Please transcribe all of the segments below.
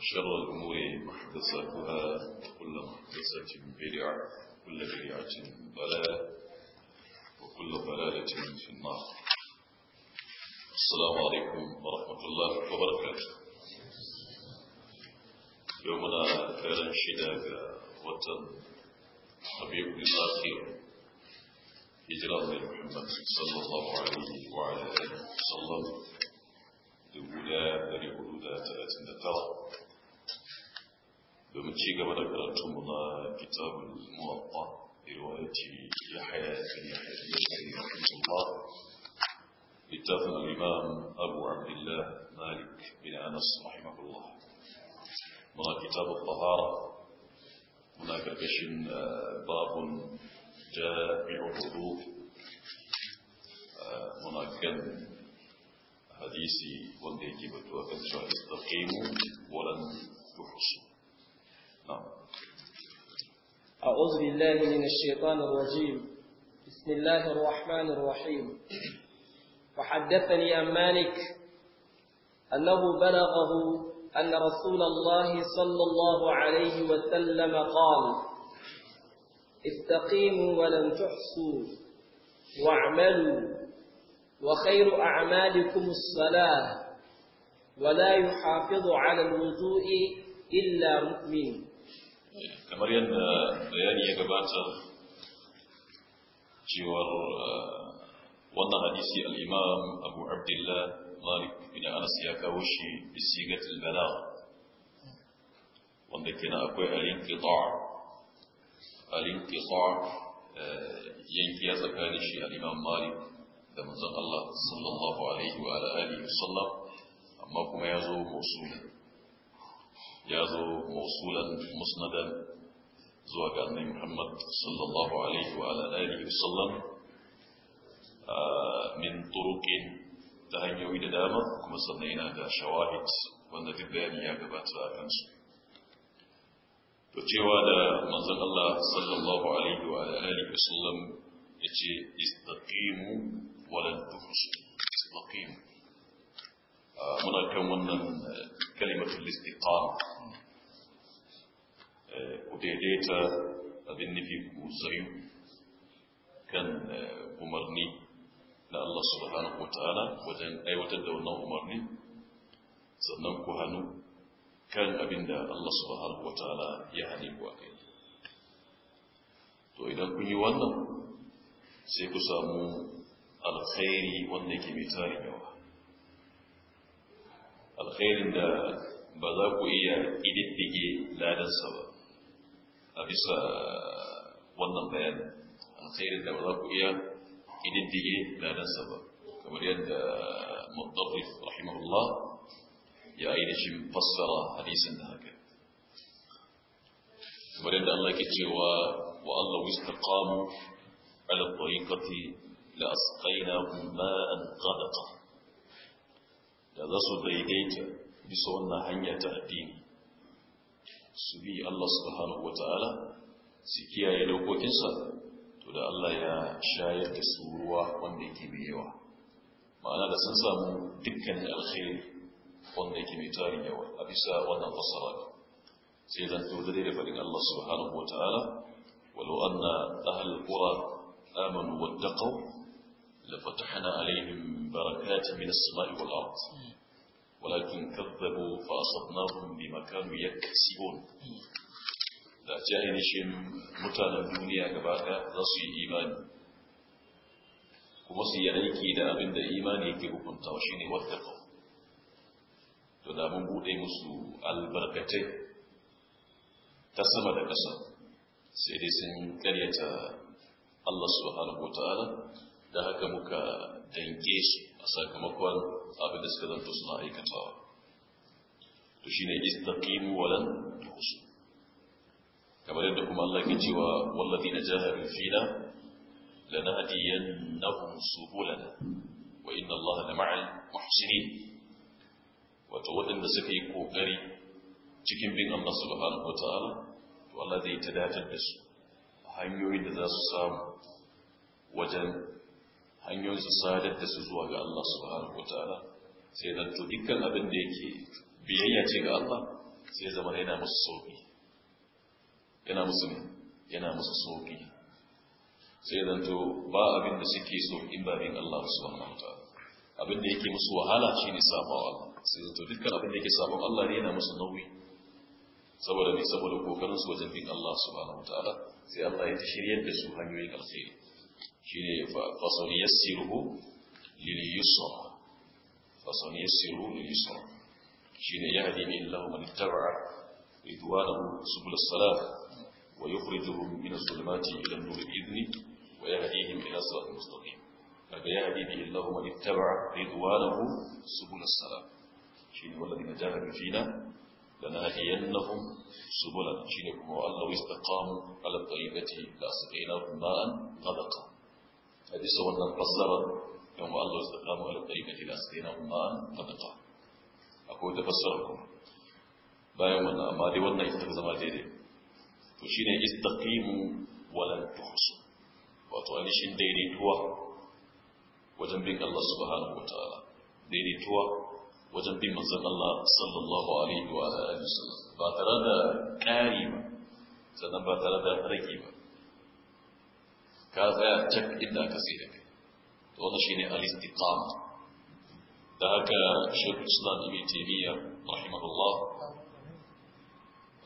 وشر الأمور محدثاتها وكل محدثة بدعة وكل بدعة ضلالة وكل ضلالة في النار السلام عليكم ورحمة الله وبركاته يومنا فعلا شدة وطن حبيب الآخر هجرة محمد صلى الله عليه وعلى آله وسلم الأولى لحدود 39 domin ci gaba da karatunmu na kitabun muwatta riwayati yahya bin yahya bin rahimahullah littafin al-imam abu abdullah malik bin anas rahimahullah muna kitabun tahara muna karkashin babun jami'ul hudu muna kan hadisi wanda yake batuwa kan cewa istaqimu walan tuhsu أعوذ بالله من الشيطان الرجيم بسم الله الرحمن الرحيم وحدثني عن مالك أنه بلغه أن رسول الله صلى الله عليه وسلم قال استقيموا ولن تحصوا واعملوا وخير أعمالكم الصلاة ولا يحافظ على الوضوء إلا مؤمن kamar yadda bayani ya gabata cewar wannan hadisi al-imam abu abdullah malik bin anas ya kawo shi bi sigatul balagh wanda kina akwai al-inqita' al-inqita' yanki ya tsakanin shi al-imam malik da manzon Allah sallallahu alaihi wa alihi wasallam amma kuma ya zo mausul ya zo mausulan musnadan زوجة محمد صلى الله عليه وعلى آله وسلم آه، من طرق تهنى ويدا داما كما صلينا دا شواهد وانا في البيان يا قبات فأخنس فتوى دا منزل الله صلى الله عليه وعلى آله وسلم يتي استقيموا ولا تفرسوا استقيموا آه، منا كم كلمة الاستقامة ku daidaita abin nufi ku tsayu kan umarni na Allah subhanahu wata'ala wajen aiwatar da wannan umarni sannan ku hannu kan abin da Allah subhanahu wata'ala ya hane ku a kai to idan kun yi wannan sai ku samu alkhairi wanda yake mai tarin yawa alkhairin da ba za ku iya ididdige ladansa ba a bisa wannan bayanin alkhairin da ba za ku iya ididdige ladansa ba kamar yadda mudarrif rahimahullah ya ainihin fassara hadisin da haka kamar yadda Allah ke cewa wa Allah wistaqamu ala tariqati la asqainahum ma'an ghadaqa da za su daidaita bisa wannan hanya ta addini su bi Allah subhanahu wa ta'ala su kiyaye dokokinsa to da Allah ya shayar da su ruwa wanda yake mai yawa ma'ana da sun samu dukkanin alkhairi wanda yake mai tarin yawa a bisa wannan fasara sai zan to da da faɗin Allah subhanahu wa ta'ala walau anna ahlul qura amanu wattaqu لفتحنا عليهم بركات من السماء والأرض walakin kazzabu fa asabnahum bima kanu yaksibun da ce ainihin mutanen duniya gaba ɗaya za yi imani kuma su yi aiki da abin da imani yake hukunta shi ne wattaqu to da mun buɗe musu albarkatai ta sama da ƙasa sai dai sun karyata Allah subhanahu wa ta'ala da haka muka danke shi a sakamakon abin da suka zanto suna aikatawa to shine istaqimu walan tuhsu kamar yadda kuma Allah ke cewa wallazina jaharu fina lanahdiyannahum subulana wa inna Allaha lama'al muhsinin wato waɗanda suka yi kokari cikin bin Allah subhanahu wataala to Allah zai ta datar da su hanyoyin da za su samu wajen hanyoyin su sadar da su zuwa ga Allah subhanahu ta'ala sai dan to dukkan abin da yake biyayya ce ga Allah sai zama yana musu sauki yana musu yana musu sauki sai dan to ba abin da suke so in ba bin Allah subhanahu ta'ala abin da yake musu wahala shine sabawa Allah sai dan to dukkan abin da yake sabo Allah ne yana musu nauyi saboda ne saboda kokarin su wajen bin Allah subhanahu ta'ala sai Allah ya ta shiryar da su hanyoyin alkhairi كيري فصل يسره لليسر فصل يسره لليسر حين يهدي من الله من اتبع رضوانه سبل الصلاة ويخرجهم من الظلمات إلى النور الإذن ويهديهم إلى صراط المستقيم هذا يهدي به الله من اتبع رضوانه سبل الصلاة شين هو الذي فينا لنهدينهم سبلا شين هو استقاموا على طيبته لأسقيناهم ماء غدقا a bisa wannan fassarar yan wa Allah su kamu ala tarikati da suka yi na umma tabata akwai da fassarar kuma bayan wannan amma dai wannan ita ta zama daidai to shi shine istaqimu walan tuhsu wato shi daidaituwa wajen bin Allah subhanahu wa ta'ala daidaituwa wajen bin manzon Allah sallallahu alaihi wa alihi wasallam ba tare da ƙari ba sannan ba tare da rage ba kaza tsaya cak inda ka sai da to wannan shine al-istiqama da haka shekul islam ibn taymiya rahimahullah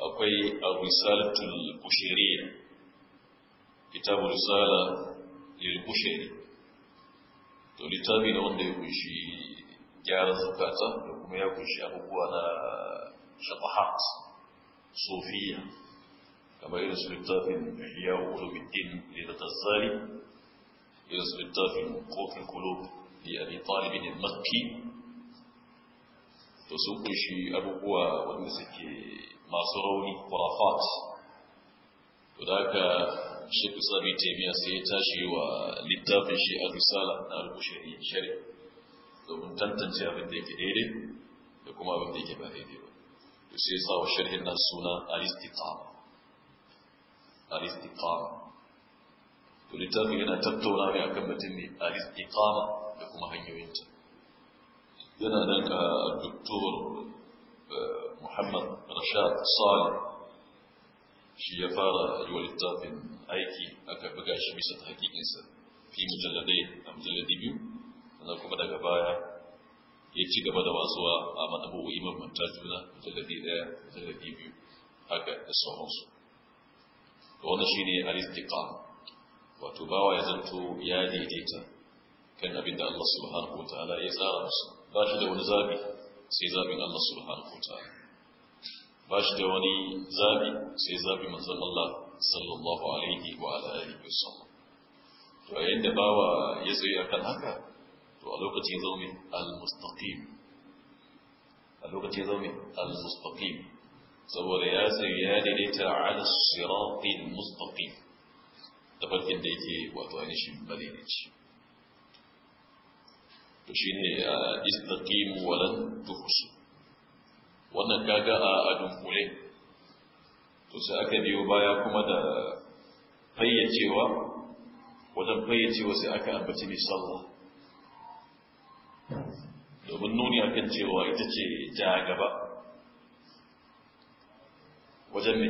akwai ar-risalatul bushiriyya kitabu risala lil bushiri to littafi ne wanda ya kunshi gyaran zukata da kuma ya kunshi abubuwa na shafahat sufiya كما إذا سبقت في المحياء وقلوب الدين لذة الظالم إذا سبقت في موقوف القلوب لأبي طالب المكي تسوق شي أبوه ونسك ما صروني خرافات وذاك الشيخ صابي تيمية سيتاشي ولتاف شيء الرسالة من البشرية الشرع لو كنت تنتهي بديك إيدي لكم أبديك بديك بديك بديك بديك بديك بديك بديك بديك بديك al-istiqama to littafin yana tattauna ne akan batun ne al-istiqama da kuma hanyoyinta yana nan a doktor Muhammad Rashad Salih shi ya fara yi wa littafin aiki aka buga shi bisa ta hakikinsa fi mujalladai a mujalladi biyu sannan kuma daga baya ya ci gaba da wasuwa a madabu imam mantajuna mujalladi daya mujalladi biyu haka da sauransu to wannan shine al-istiqam wato bawa ya zanto ya daidaita kan abin da Allah subhanahu wataala ya tsara masa ba shi da wani zabi sai zabin Allah subhanahu wataala ba shi da wani zabi sai zabin manzon Allah sallallahu alaihi wa alihi wasallam to yayin da bawa ya tsaye akan haka to a lokacin zaume al-mustaqim a lokacin zaume al-mustaqim سبور يا سيدي لتا على الصراط المستقيم تبقى ديكي واتوانيش يعني مدينيش تشيني آه، استقيم ولن تخص وانا كاكا آه، ادم فولي تساكا ديو بايا كما دا فيا تيوا وانا فيا تيوا ساكا امبتيني صلى domin nuni akan cewa ita ce ta wajen ne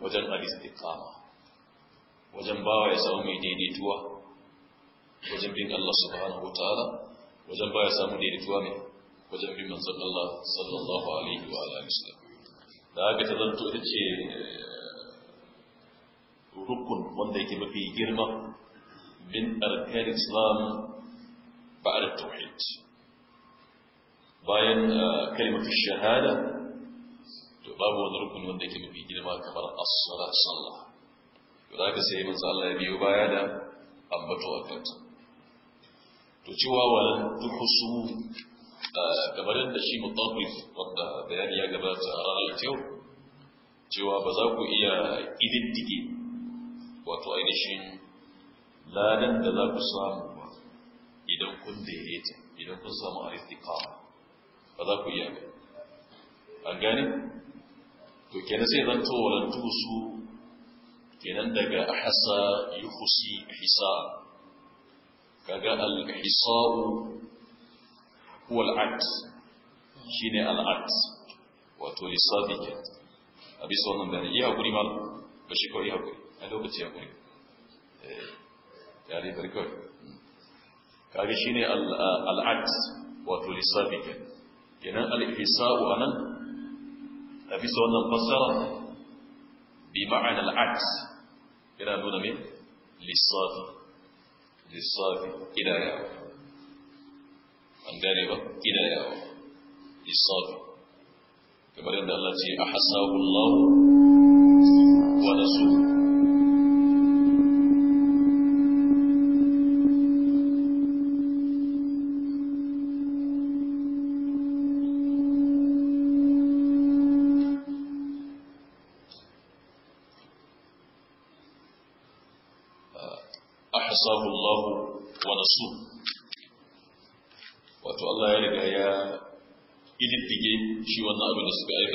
wajen al-istiqama wajen bawa ya samu mai daidaituwa wajen bin Allah subhanahu wataala wajen bawa ya samu daidaituwa ne wajen bin manzon Allah sallallahu alaihi wa alihi wasallam da haka ta zanto ita ce eh, rukun wanda yake mafi girma min arkan islam ba'da tauhid bayan eh, kalimatu shahada to babu wani rukuni wanda yake mafi girma kamar as-sala sallah to da ka sai manzo Allah ya biyo baya da ambato a kanta to cewa walan tuhusu eh, kamar yadda shi mutafif wanda bayani ya gabata a ranar yau cewa ba za ku iya ididdige wato ainihin ladan da za ku samu ba idan kun daidaita idan kun samu a ba za ku iya an gane to kenan sai zan to walantu su kenan daga hasa yi yuhsi hisa kaga al-hisab huwa al-at shine al-at wato lissafi ke a bisa wannan bayanin iya hakuri mal ba shi kawai hakuri a lokaci hakuri eh, yare barkar kaga shine al-at wato lissafi ke kenan al a nan. a bisa wannan fassara bi al aks yana nuna mai lissafi lissafi ƙidayawa an gane ba ƙidayawa lissafi kamar yadda Allah ce a hasahullahu wa Rasulullah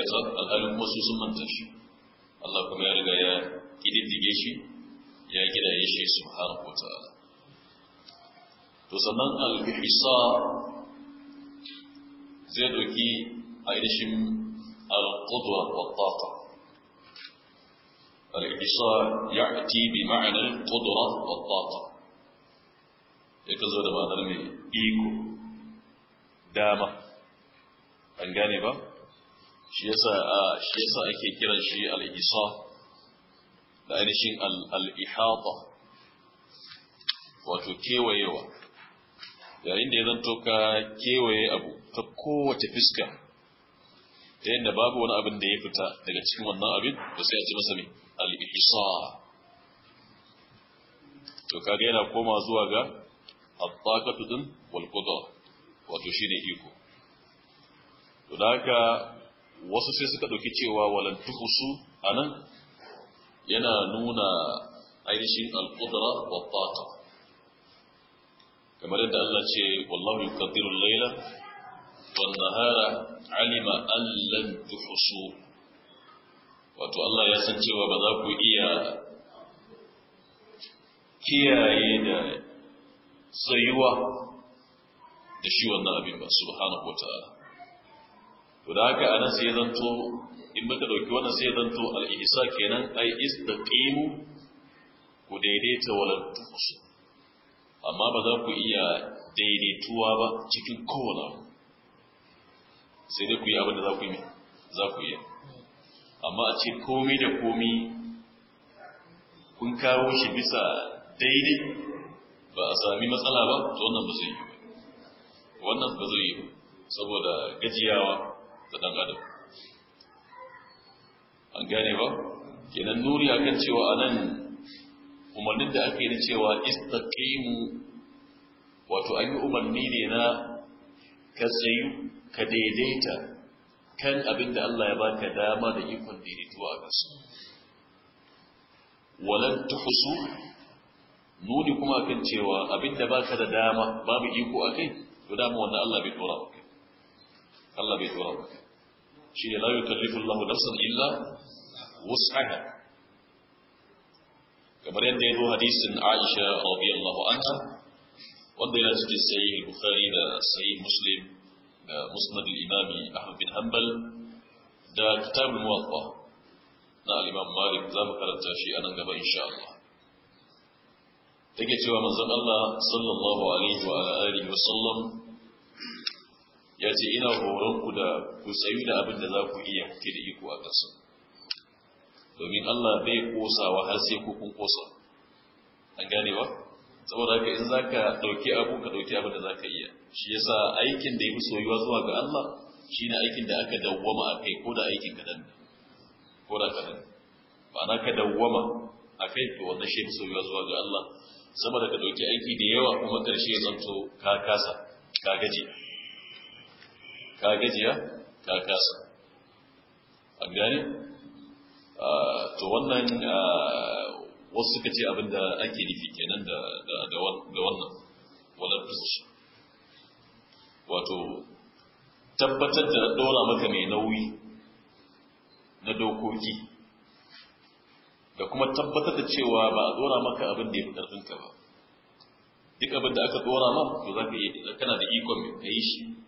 tsab alhalin kuma su sun manta shi Allah kuma ya riga ya kididdige shi ya kidaye shi subhanahu wa ta'ala to sannan al-hisar zai doki ainihin al-qudwa wa taqa al-hisar ya'ti bi ma'ana al-qudra wa taqa yakan zo da ma'anar mai iko dama an gane ba shi yasa shi yasa ake kiran shi al-ihsa da ainihin al-ihata wato kewayewa yayin da ya toka ka kewaye abu ta kowace fiska ta yadda babu wani abin da ya fita daga cikin wannan abin da sai a ji masa ne al-ihsa to kaga yana koma zuwa ga at-taqatu din wal qudrah wato shine iko to da haka wasu sai suka ɗauki cewa walan tuhusu a nan yana nuna ainihin alƙudura wa taqa kamar yadda Allah ce wallahu yuqaddiru al-laila wan nahara alima an lan tuhusu wato Allah ya san cewa ba za ku iya kiyaye da tsayuwa da shi wannan abin ba subhanahu wa ta'ala to da haka anan sai zanto in muka dauki wannan sai zanto al-ihsa kenan ai istaqimu ku daidaita wala tuqsu amma ba za ku iya daidaituwa ba cikin kowane sai dai ku yi abin da za ku yi za ku iya amma a ce komi da komi kun kawo shi bisa daidai ba a sami matsala ba to wannan ba zai yi wannan ba zai yi saboda gajiyawa ga dan adam an gane ba kenan Nuri akan cewa anan umarnin da ake ni cewa istaqimu wato an yi umarni ne na ka tsayu ka daidaita kan abin da Allah ya baka dama da ikon daidaituwa a kansu walan tuhsu nuni kuma kan cewa abin da baka da dama babu iko akai to dama wanda Allah bai dora Allah bai tsora maka shi ne la yukallifu Allahu kamar yadda ya hadisin Aisha radiyallahu anha wanda yana cikin sahih Bukhari da sahih Muslim da Musnad al-Imam Ahmad bin Hanbal da kitab al-Muwatta na al-Imam Malik za mu karanta shi a nan gaba insha Allah take cewa manzon Allah sallallahu alaihi wa alihi wa sallam ya ce ina horonku da ku tsayu da abin da za ku iya kuke da iko a kansu domin Allah bai wa har sai ku kun kosa an gane ba saboda haka in za ka ɗauki abu ka ɗauki abin da za ka iya shi yasa aikin da ya fi soyuwa zuwa ga Allah shi ne aikin da aka dawwama a kai ko da aikin kaɗan ko da kaɗan ba na ka dawwama a kai to wannan shi fi soyuwa zuwa ga Allah saboda ka ɗauki aiki da yawa kuma ƙarshe ya zanto ka kasa ka gaji ka gajiya ka kasa an gane ah, to wannan ah, wasu suka ce abin da ake nufi kenan da wannan walar fushi wato tabbatar da dora maka mai nauyi na dokoki da kuma tabbatar da cewa ba a dora maka abin da ya fi ƙarfinka ba duk abin da aka dora ma to za ka iya kana da ikon mai. kai shi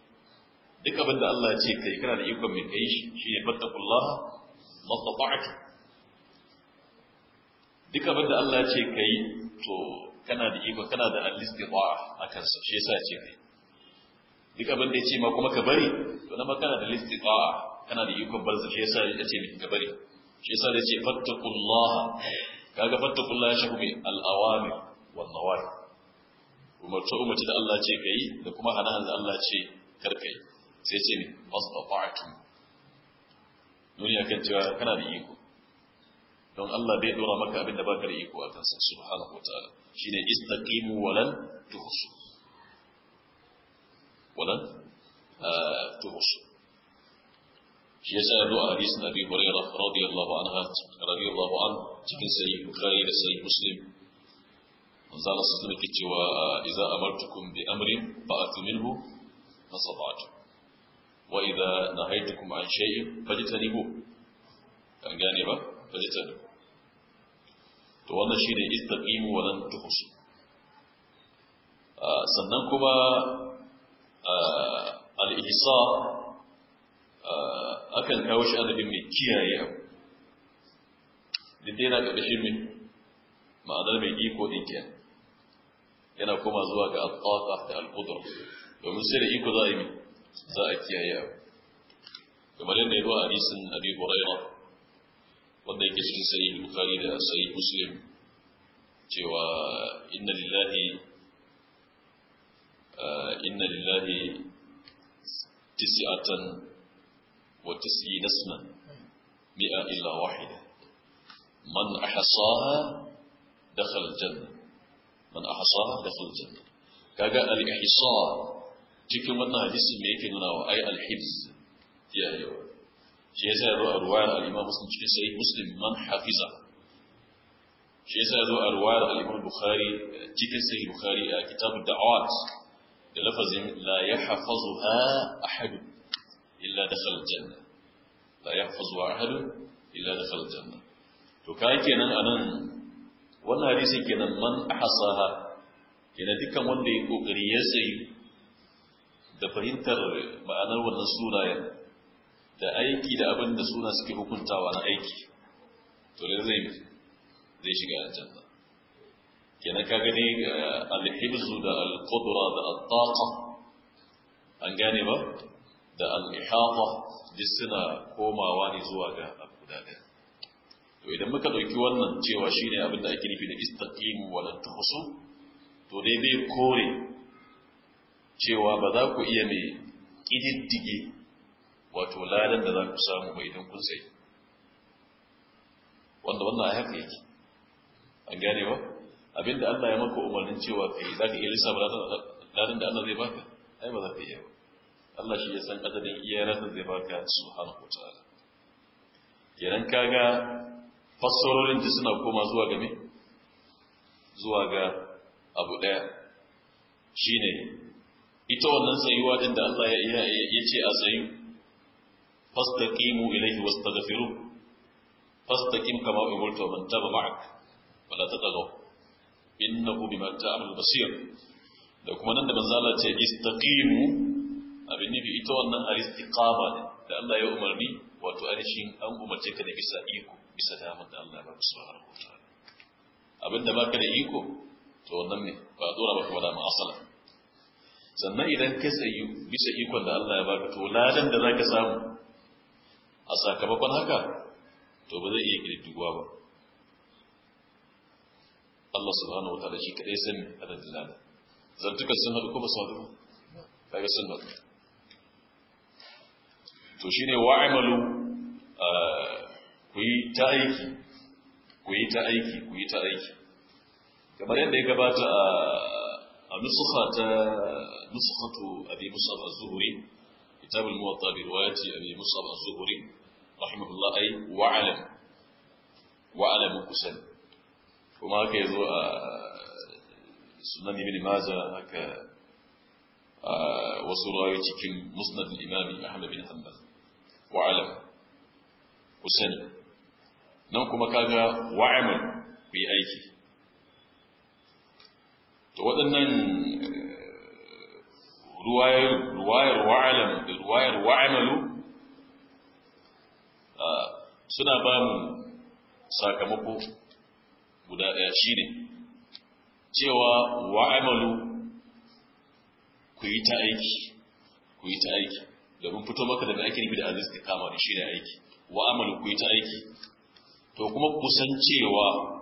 duk abin da Allah ce kai kana da ikon mai kai shi shine fattakullah mastata'at duk abin da Allah ce kai to kana da iko kana da al-istita'a akan sa shi yasa ce kai duk abin da ya ce ma kuma ka bari to na kana da al-istita'a kana da ikon bar shi yasa ya ce ka bari shi yasa ya ce fattakullah kaga fattakullah ya shafi al-awamir wan nawahi umarce umarce da Allah ce kai da kuma hana da Allah ce kar kai sai ce ne fastata'tum duniya kan cewa kana da iko don Allah bai dora maka abin da baka da iko a kansa subhanahu wataala shine istaqimu walan tuhsu walan tuhsu shi yasa ya zo a hadisin Abi Hurairah radiyallahu anha radiyallahu anhu cikin sahih Bukhari da sahih Muslim manzo Allah sallallahu alaihi wasallam yake cewa idza amartukum bi amrin fa'tu minhu mastata'tum وإذا نهيتكم عن شيء فاجتنبوه أن جانبا فاجتنبوه توانا شيني استقيم ولن تخصي آه، سننكما آه، الإحصاء آه، أكن كوش أنا بمي كيا يا لدينا كبشر من ما أدل بيجيكو دينكيا ina kuma zuwa ga alƙaƙa da alƙudur domin sai da iko zai za a kiyaye abu kamar yadda ya zuwa hadisin abi huraira wanda yake cikin sahih bukhari da sahih muslim cewa inna lillahi inna lillahi tis'atan wa tis'ina isman mi'a illa wahida man ahsaha dakhala aljanna man ahsaha dakhala aljanna kaga al-ihsa cikin wannan hadisi me yake nuna wa ai al hifz ya yawa shi yasa ya zo a ruwayar al-Imam Muslim cikin sahih Muslim man hafiza shi yasa ya zo a ruwayar al-Imam Bukhari cikin sahih Bukhari a kitabud da'awat da lafazin la yahfazuha ahad illa dakhala al-janna la yahfazuha ahad illa dakhala al-janna to kai kenan anan wannan hadisin kenan man ahsaha kenan dukkan wanda ya kokari ya sayi da fahimtar ma'anar wannan sunayen da aiki da abin da suna suke hukuntawa na aiki to da zai yi zai shiga aljanna kenan ka gani alhibzu da alqudra da altaqa an gane ba da al-ihata duk suna komawa ne zuwa ga abu guda ɗaya to idan muka ɗauki wannan cewa shine abin da ake nufi da istaqimu wa la tuhsu to dai bai kore cewa ba za ku iya mai ƙididdige wato ladan da za ku samu ba idan kun sai wanda wannan a haka yake an gane ba abinda Allah ya maka umarnin cewa kai za ka iya lissafa ladan da Allah zai baka ai ba za ka iya ba Allah shi ya san adadin iya ranar zai baka subhanahu wa ta'ala kenan kaga fassarorin ta suna koma zuwa ga me zuwa ga abu daya shine ita wannan tsayuwa din da Allah ya ya ce a tsayu fastaqimu ilayhi wastaghfiru fastaqim kama umirtu man taba ma'ak wala tatagaw innahu bima ta'malu basir da kuma nan da manzo Allah ce istaqimu abin nufi ita wannan al-istiqama da Allah ya umarni wato arishin an umarce ka da bisa iko bisa damar da Allah ba subhanahu wa ta'ala abinda baka da iko to wannan ne ba dora ba kuma da ma'asala sannan idan ka tsayi bisa ikon da Allah ya baka to ladan da zaka samu a sakamakon haka to ba zai iya kirkiwa ba Allah subhanahu wataala shi kadai san adadin Zan zantuka sun haɗu kuma sun haɗu kaga sun haɗu to shine wa'amalu ku yi ta aiki ku yi ta aiki ku yi ta aiki kamar yadda ya gabata a نسخة نسخة أبي مصعب الزهري كتاب الموطأ برواية أبي مصعب الزهري رحمه الله أي وعلم وعلم كسن وما كيزو آه، سنن ابن ماجه هكا wasu rawayoyi cikin musnad imami Ahmad bin Hanbal wa alam Husaini nan kuma kaga wa'amal to waɗannan eh, ruwayar wa'alam da ruwayar wa'amalu ah, suna ba mu sakamako guda ɗaya shine cewa wa'amalu ku yi ta aiki ku yi ta aiki mun fito maka daga ake nufi da kama da shi ne aiki wa'amalu ku yi ta aiki to kuma cewa.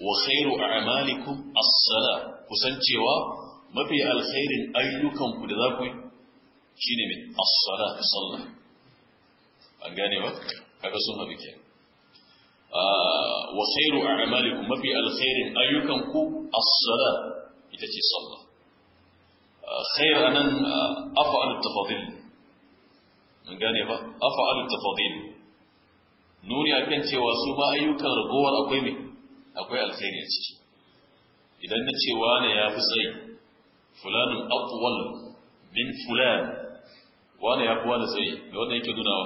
wa khairu a'malikum as-sala kusancewa mafi alkhairin ayyukan ku da za ku yi shine mai as-sala sallah an gane ba kaga sun habi ke ah, wa khairu a'malikum mafi alkhairin ayyukan ku as-sala ita ce sallah ah, khair anan af'al ah, an gane ba nuni akan cewa su ayyukan ragowar akwai akwai alkhairi a ciki idan na ce wane ya fi sai fulanin abuwal bin fulan wane ya fi wane sai da wanda yake nunawa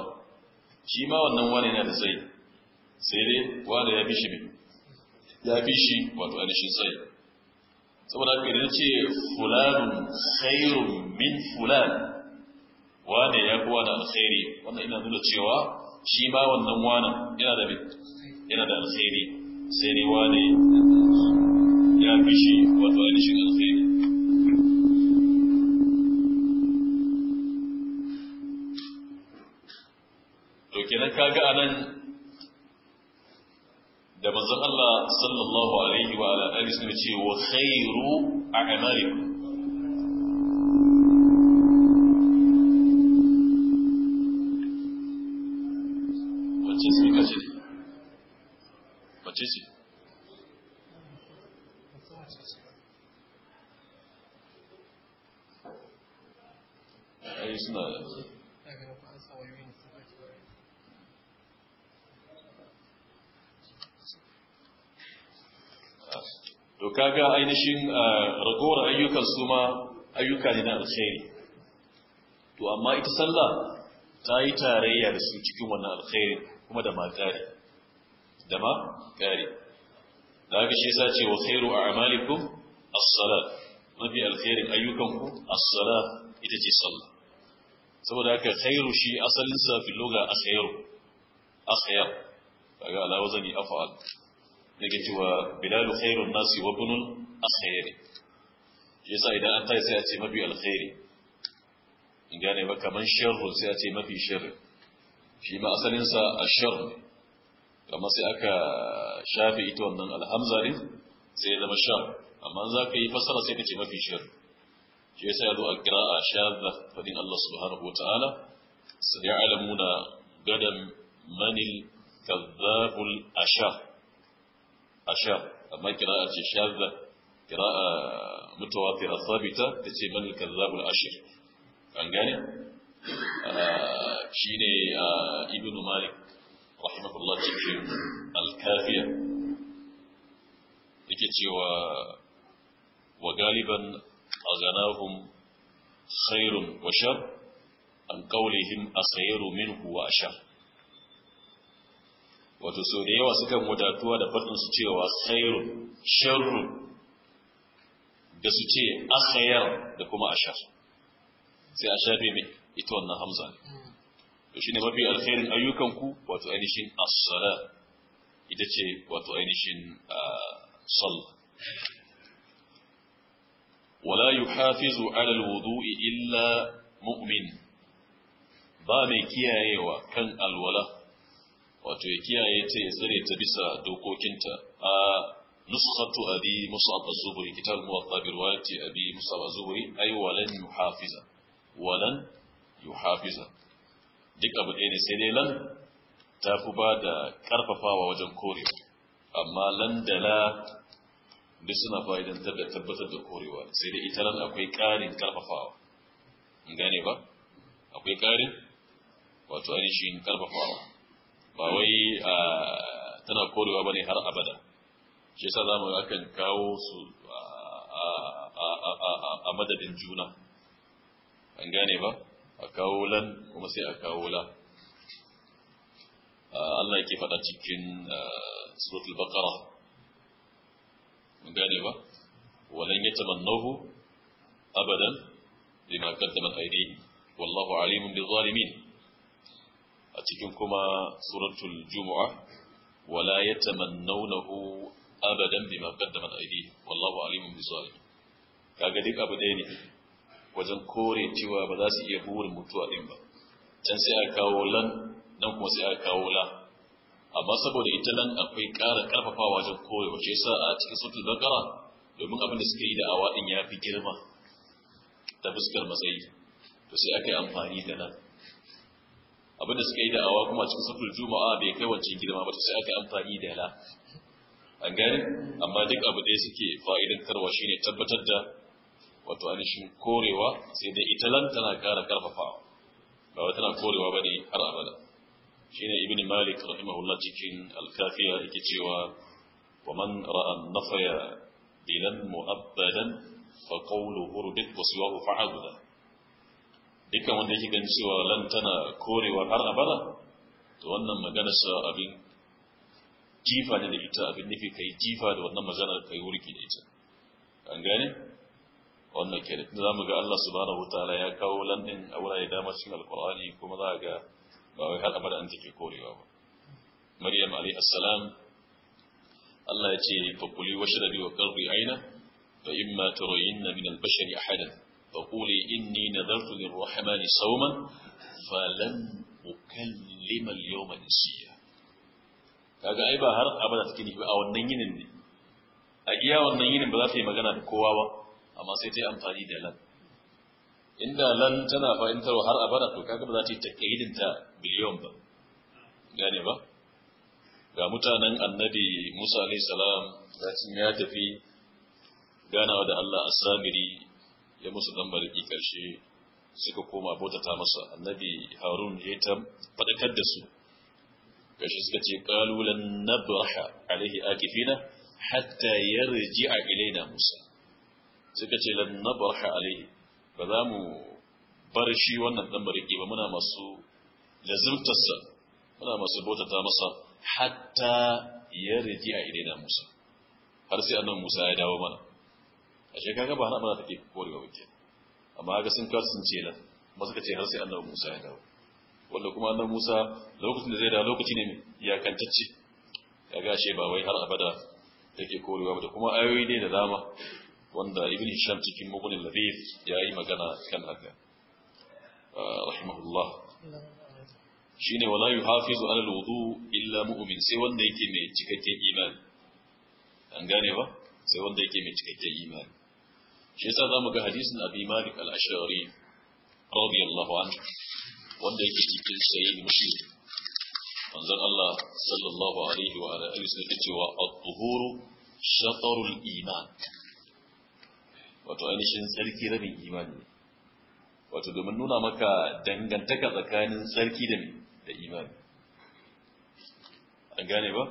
shi ma wannan wane yana da sai sai dai wane ya fi shi ya fi shi wato ainihin sai. saboda haka idan ce fulanun khairun min fulan wane ya fi wane alkhairi wannan ina nuna cewa shi ma wannan wane yana da yana da alkhairi sai dai wane ya fi shi wato ainihin alkhairi to kenan kaga anan da mazan Allah sallallahu alaihi wa alihi wasallam ce wa khairu a'malikum to kaga ainihin ah, ragowar ayyukan su ma ayyuka ne na alkhairi to amma ita sallah ta yi tarayya da su cikin wannan alkhairin kuma da ma kare da ma kare da haka shi yasa ce wa khairu a'malikum as-salat mafi alkhairin ku as-salat ita ce sallah saboda haka khairu shi asalin sa fi lugha akhairu akhayar kaga ala af'al yake cewa bilalu khairun nasi wa bunun akhairi yasa idan an tayi sai a ce mafi alkhairi in gane ba kaman sharru sai a ce mafi sharri shi ma asalin sa ashar kamar sai aka shafe ita wannan alhamza din sai ya zama shar amma za ka yi fasara sai ka ce mafi sharri shi yasa zo a qira'a shadda fadin Allah subhanahu wataala sai ya alamuna gadan manil kadhabul ashar ashab amma kira'a ce shadda kira'a mutawatira sabita tace man al-kazzabul ashir an gane shine ibnu malik rahimahullah cikin al-kafiya yake cewa wa galiban aghanahum khairun wa shar an qawlihim akhayru minhu wa ashar wato so da yawa suka wadatuwa da faɗin su cewa khairun sharru da su ce akhayar da kuma ashar sai a shafe mai ita wannan hamza ne to shine mafi alkhairin ayyukan ku wato ainihin as-sala ita ce wato ainihin sal wala yuhafizu ala alwudu'i illa mu'min ba mai kiyayewa kan alwala wato ya kiyaye ta ya tsare ta bisa dokokinta a nuskhatu abi musa az-zuhri kitab muwatta bi riwayati abi musa az-zuhri ay walan yuhafiza walan yuhafiza duk abu ɗaya ne sai dai lan ta fi ba da karfafawa wajen korewa amma lan da la duk suna fa'idan da tabbatar da korewa sai dai ita lan akwai ƙarin karfafawa in gane ba akwai ƙarin wato ainihin karfafawa ba wai tana korewa bane har abada shi yasa zamu ga akan kawo su a madadin juna an gane ba a kawo lan kuma sai a kawo la Allah yake faɗa cikin suratul baqara an gane ba walan yatamannahu abadan bima qaddamat aydihim wallahu alimun bil zalimin a cikin kuma suratul jumu'a wala yatamannawnahu abadan bima qaddamat aydihim wallahu alimun bizalim kaga duk abu dai ne wajen kore cewa ba za su iya burin mutuwa din ba can sai a kawo lan nan kuma sai a kawo la amma saboda ita nan akwai ƙara ƙarfafawa wajen kore wace sa a cikin suratul baqara domin abin da suka yi da awa din ya fi girma ta fuskar matsayi to sai aka yi amfani da nan da suka yi da'awa kuma cikin suratul juma'a bai kai wancan girma ba sai aka amfani da la an gane amma duk abu da suke fa'idantarwa shine tabbatar da wato anishin korewa sai dai ita lan tana ƙara karfafawa ba wai tana korewa bane har abada shine ibn malik rahimahullah cikin al-kafiya yake cewa wa man ra'a nafaya bilan mu'abbadan fa qawluhu rudit wa siwahu fa'abuda duka wanda yake gani cewa lan tana korewa har abada to wannan magana sa abin jifa ne da ita abin nufi kai jifa da wannan magana kai wurki da ita an gane wannan ke da za mu ga Allah subhanahu wataala ya kawo lan din a wurare dama cikin alqur'ani kuma za ga ba wai har abada an take korewa ba maryam alayhi assalam Allah ya ce fa kuli washrabi wa qarri aina fa imma turayinna min al-bashari ahadan فقولي إني نذرت للرحمن صوما فلن أكلم اليوم إنسيا kaga ai ba har abada take ba a wannan yinin ne a iya wannan yinin ba za ta yi magana da kowa ba amma sai ta yi amfani da lan inda lan tana fahimtarwa har abada to kaga ba za ta yi takaidin ta biliyon ba gane ba ga mutanen annabi Musa alayhi salam ya tafi ganawa da Allah as-Samiri ya musu dan bariki karshe suka koma bautata masa annabi harun ya ta fadakar da su karshe suka ce qalu lan nabraha alaihi akifina hatta yarji'a ilaina musa suka ce lan nabraha alaihi ba za mu bar shi wannan dan bariki ba muna masu lazimtarsa muna masu bautata masa hatta yarji'a ilaina musa har sai annabi musa ya dawo mana a shekara ba na ba ke korewa ba ke amma ga sun kasu sun ce nan ba suka ce har sai annabi musa ya dawo wanda kuma annabi musa lokacin da zai dawo lokaci ne ya kantacce kaga ashe ba wai har abada take korewa ba da kuma ayoyi ne da dama wanda ibn hisham cikin mugunin labif ya yi magana kan haka ah, rahimahullah shine wala yuhafizu ala alwudu illa mu'min sai wanda yake mai cikakken imani an gane ba sai wanda yake mai cikakken imani shi yasa zamu ga hadisin abi malik al-ashari radiyallahu anhu wanda yake cikin sahih muslim manzon Allah sallallahu alaihi wa alihi wasallam yake wa at-tuhuru shatarul iman wato ainihin tsarki rabin ne? wato domin nuna maka dangantaka tsakanin tsarki da da iman. an gane ba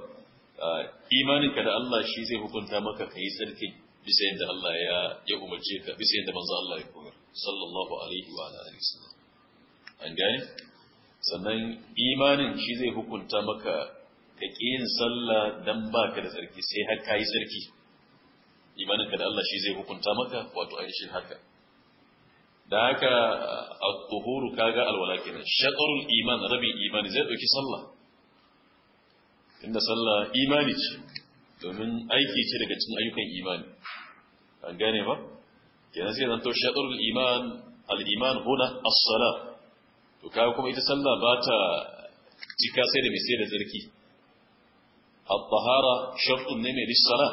ah, imaninka da Allah shi zai hukunta maka kai tsarkin bisa yadda Allah ya ya umarce ka bisa yadda manzo Allah ya koyar sallallahu alaihi wa alihi wasallam an gane sannan imanin shi zai hukunta maka ka yin sallah dan baka da sarki sai har yi sarki imanin ka da Allah shi zai hukunta maka wato ainihin haka da haka at-tuhuru kaga alwala kenan shatrul iman rabin imani zai dauki sallah inda sallah imani ce domin aiki ce daga cikin ayyukan imani an gane ba kenan sai zanto shaɗarul iman al-iman huna as-sala to kai kuma ita sallah ba ta cika sai da mai sai da zarki al tahara shartun ne mai sala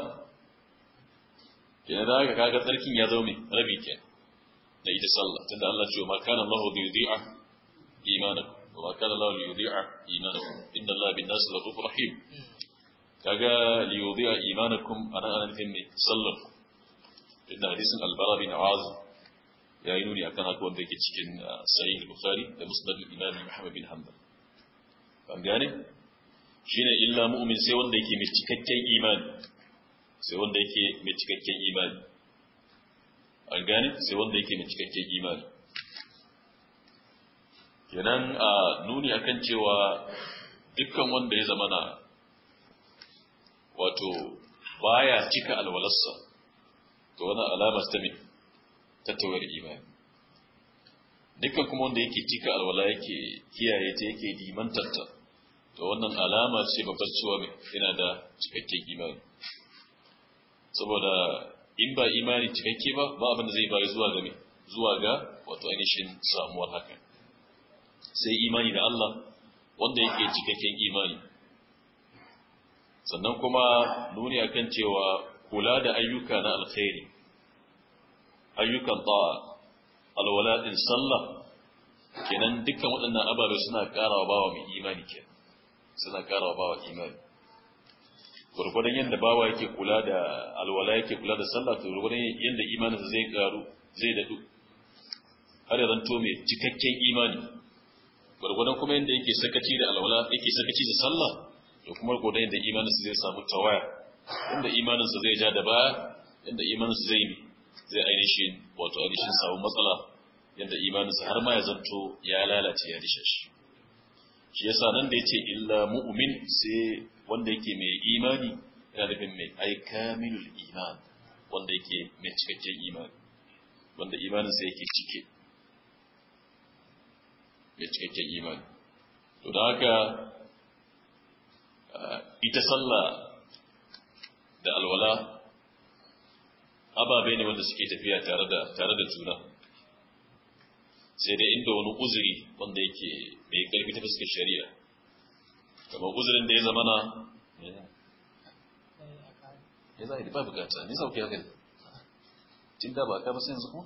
kenan daga kaga tsarkin ya zo mai rabi ke da ita sallah tunda Allah ce ma kana Allahu bi yudi'a imanakum wa kana Allahu li yudi'a imanakum inna Allaha bin-nasi la'ufur rahim كذا ليضيء إيمانكم أنا أنا نفهم تسلق إن حديث البراء بن عازم يا إنوني أكان أكو أبديك تشكين صحيح البخاري لمصدر الإمام محمد بن حنبل فهم جاني يعني؟ شين إلا مؤمن سيوان ديكي متكتك إيمان سيوان ديكي متكتك إيمان أن جاني سيوان ديكي متكتك إيمان كنان آه، نوني أكان تشوى دكا وان بيزمانا wato baya cika alwalarsa to wannan alama ta min ta tawar imani dukkan kuma wanda yake cika alwala yake kiyaye ta yake limantarta to wannan alama ce babbar cewa yana da cikakken imani saboda in ba imani cikakke ba ba abin da zai bayi zuwa ga zuwa ga wato ainihin samuwar haka sai imani da Allah wanda yake cikakken imani sannan kuma nuni akan cewa kula da ayyuka na alkhairi ayyukan ta'a alwala din sallah kenan dukkan waɗannan ababe suna ƙarawa bawa mai imani ke suna ƙarawa bawa imani gurgurdan yadda bawa yake kula da alwala yake kula da sallah to gurgurdan yadda imaninsa zai ƙaru zai daɗu har yanzu to mai cikakken imani gurgurdan kuma yadda yake sakaci da alwala yake sakaci da sallah da kuma godai da imaninsu zai samu tawaya inda imaninsu zai ja da baya inda imaninsa zai zai ainihi wato ainihin samu matsala yadda imaninsu har ma ya zanto ya lalace ya rishe shi shi yasa nan da yace illa mu'min sai wanda yake mai imani yana nufin mai ai kamilul iman wanda yake mai cikakken imani wanda imaninsa yake cike mai cikakken imani to da haka ita sallah da alwala ababe ne wanda suke tafiya tare da tare da juna sai dai inda wani uzuri wanda yake mai karfi ta fuskar shari'a kamar uzurin da ya zama na ya za a yi ba ne sauke haka tun da ba ka ba sai yanzu kuma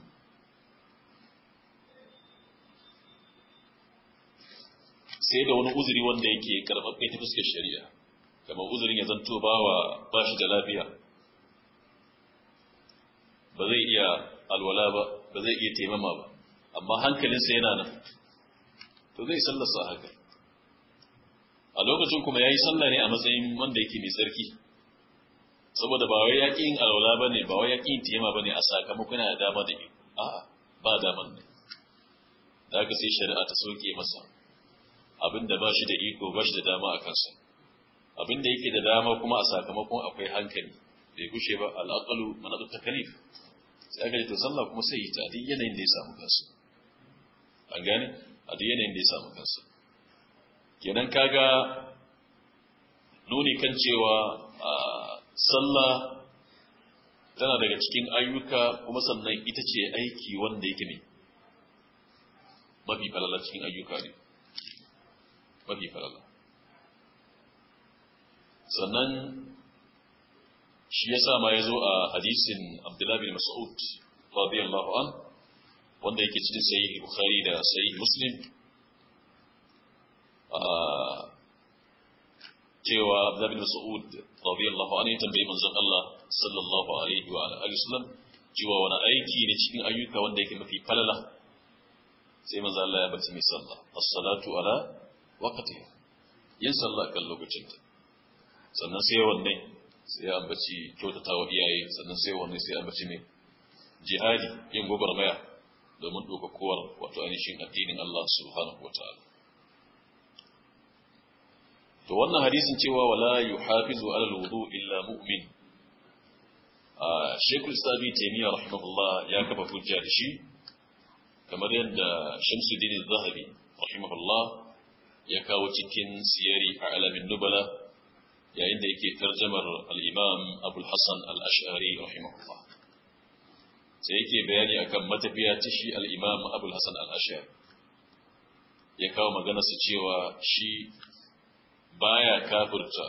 sai da wani uzuri wanda yake karɓaɓɓe ta fuskar shari'a kamar uzurin ya zanto bawa ba shi da lafiya ba zai iya alwala ba ba zai iya taimama ba amma hankalinsa yana nan to zai sallarsa haka a lokacin kuma ya yi sallah ne a matsayin wanda yake mai sarki saboda ba wai yaƙi yin alwala ba ne ba wai yaƙi yin tema ba ne a sakamakon yana dama da yi a ba daman ne da aka sai shari'a ta soke masa Abinda ba shi da iko ba shi da dama a kansa abin da yake da dama kuma a sakamakon akwai hankali bai gushe ba al'aqalu manatu takalif sai aka ta sallah kuma sai ta duk yanayin da ya samu kansa an gane a duk yanayin da ya samu kansa kenan kaga nuni kan cewa sallah tana daga cikin ayyuka kuma sannan ita ce aiki wanda yake ne mafi falala cikin ayyuka ne mafi falala sannan shi ya sa ma ya zo a hadisin abdullahi bin mas'ud radiyallahu an wanda yake cikin sayi bukhari da sayi muslim a cewa abdullahi bin mas'ud radiyallahu an ya tambayi manzon Allah sallallahu alaihi wa alihi wasallam cewa wani aiki ne cikin ayyuka wanda yake mafi falala sai manzo Allah ya bace mai sallah as-salatu ala waqtiha yin sallah kan lokacinta sannan sai wannan sai ambaci kyautata wa iyaye sannan sai wannan sai ambaci ne jihadi yin gwagwarmaya domin ɗaukakowar wato ainihin addinin Allah subhanahu wa ta'ala to wannan hadisin cewa wala yuhafizu ala alwudu illa mu'min Sheikh Sabi Taymiyyah rahimahullah ya kafa hujja da shi kamar yadda Shamsuddin Zahabi rahimahullah ya kawo cikin siyari a alamin nubala yayin da yake tarjamar al-imam abul hasan al-ash'ari rahimahullah sai yake bayani akan matafiya ta shi al-imam abul hasan al-ash'ari ya kawo magana su cewa shi baya kafirta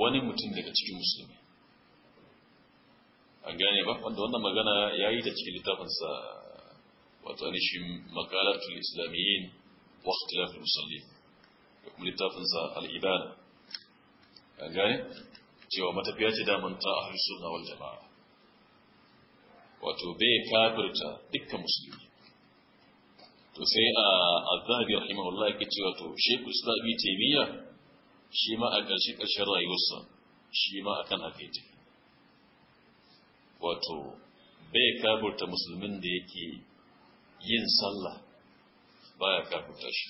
wani mutum daga cikin musulmi an gane ba wanda wannan magana ya yi ta cikin littafinsa wato anishin makalatul islamiyyin wa ikhtilafil musallin da kuma littafinsa al-ibana an gane cewa matafiya ce daman ta ahli sunna wal jama'a wato bai kafirta dukkan musulmi to sai a azhabi rahimahullah yake cewa to shaykh islam taymiya shi ma a ƙarshe ƙarshen rayuwarsa shi ma akan haka yake wato bai kafirta musulmin da yake yin sallah baya kafirta shi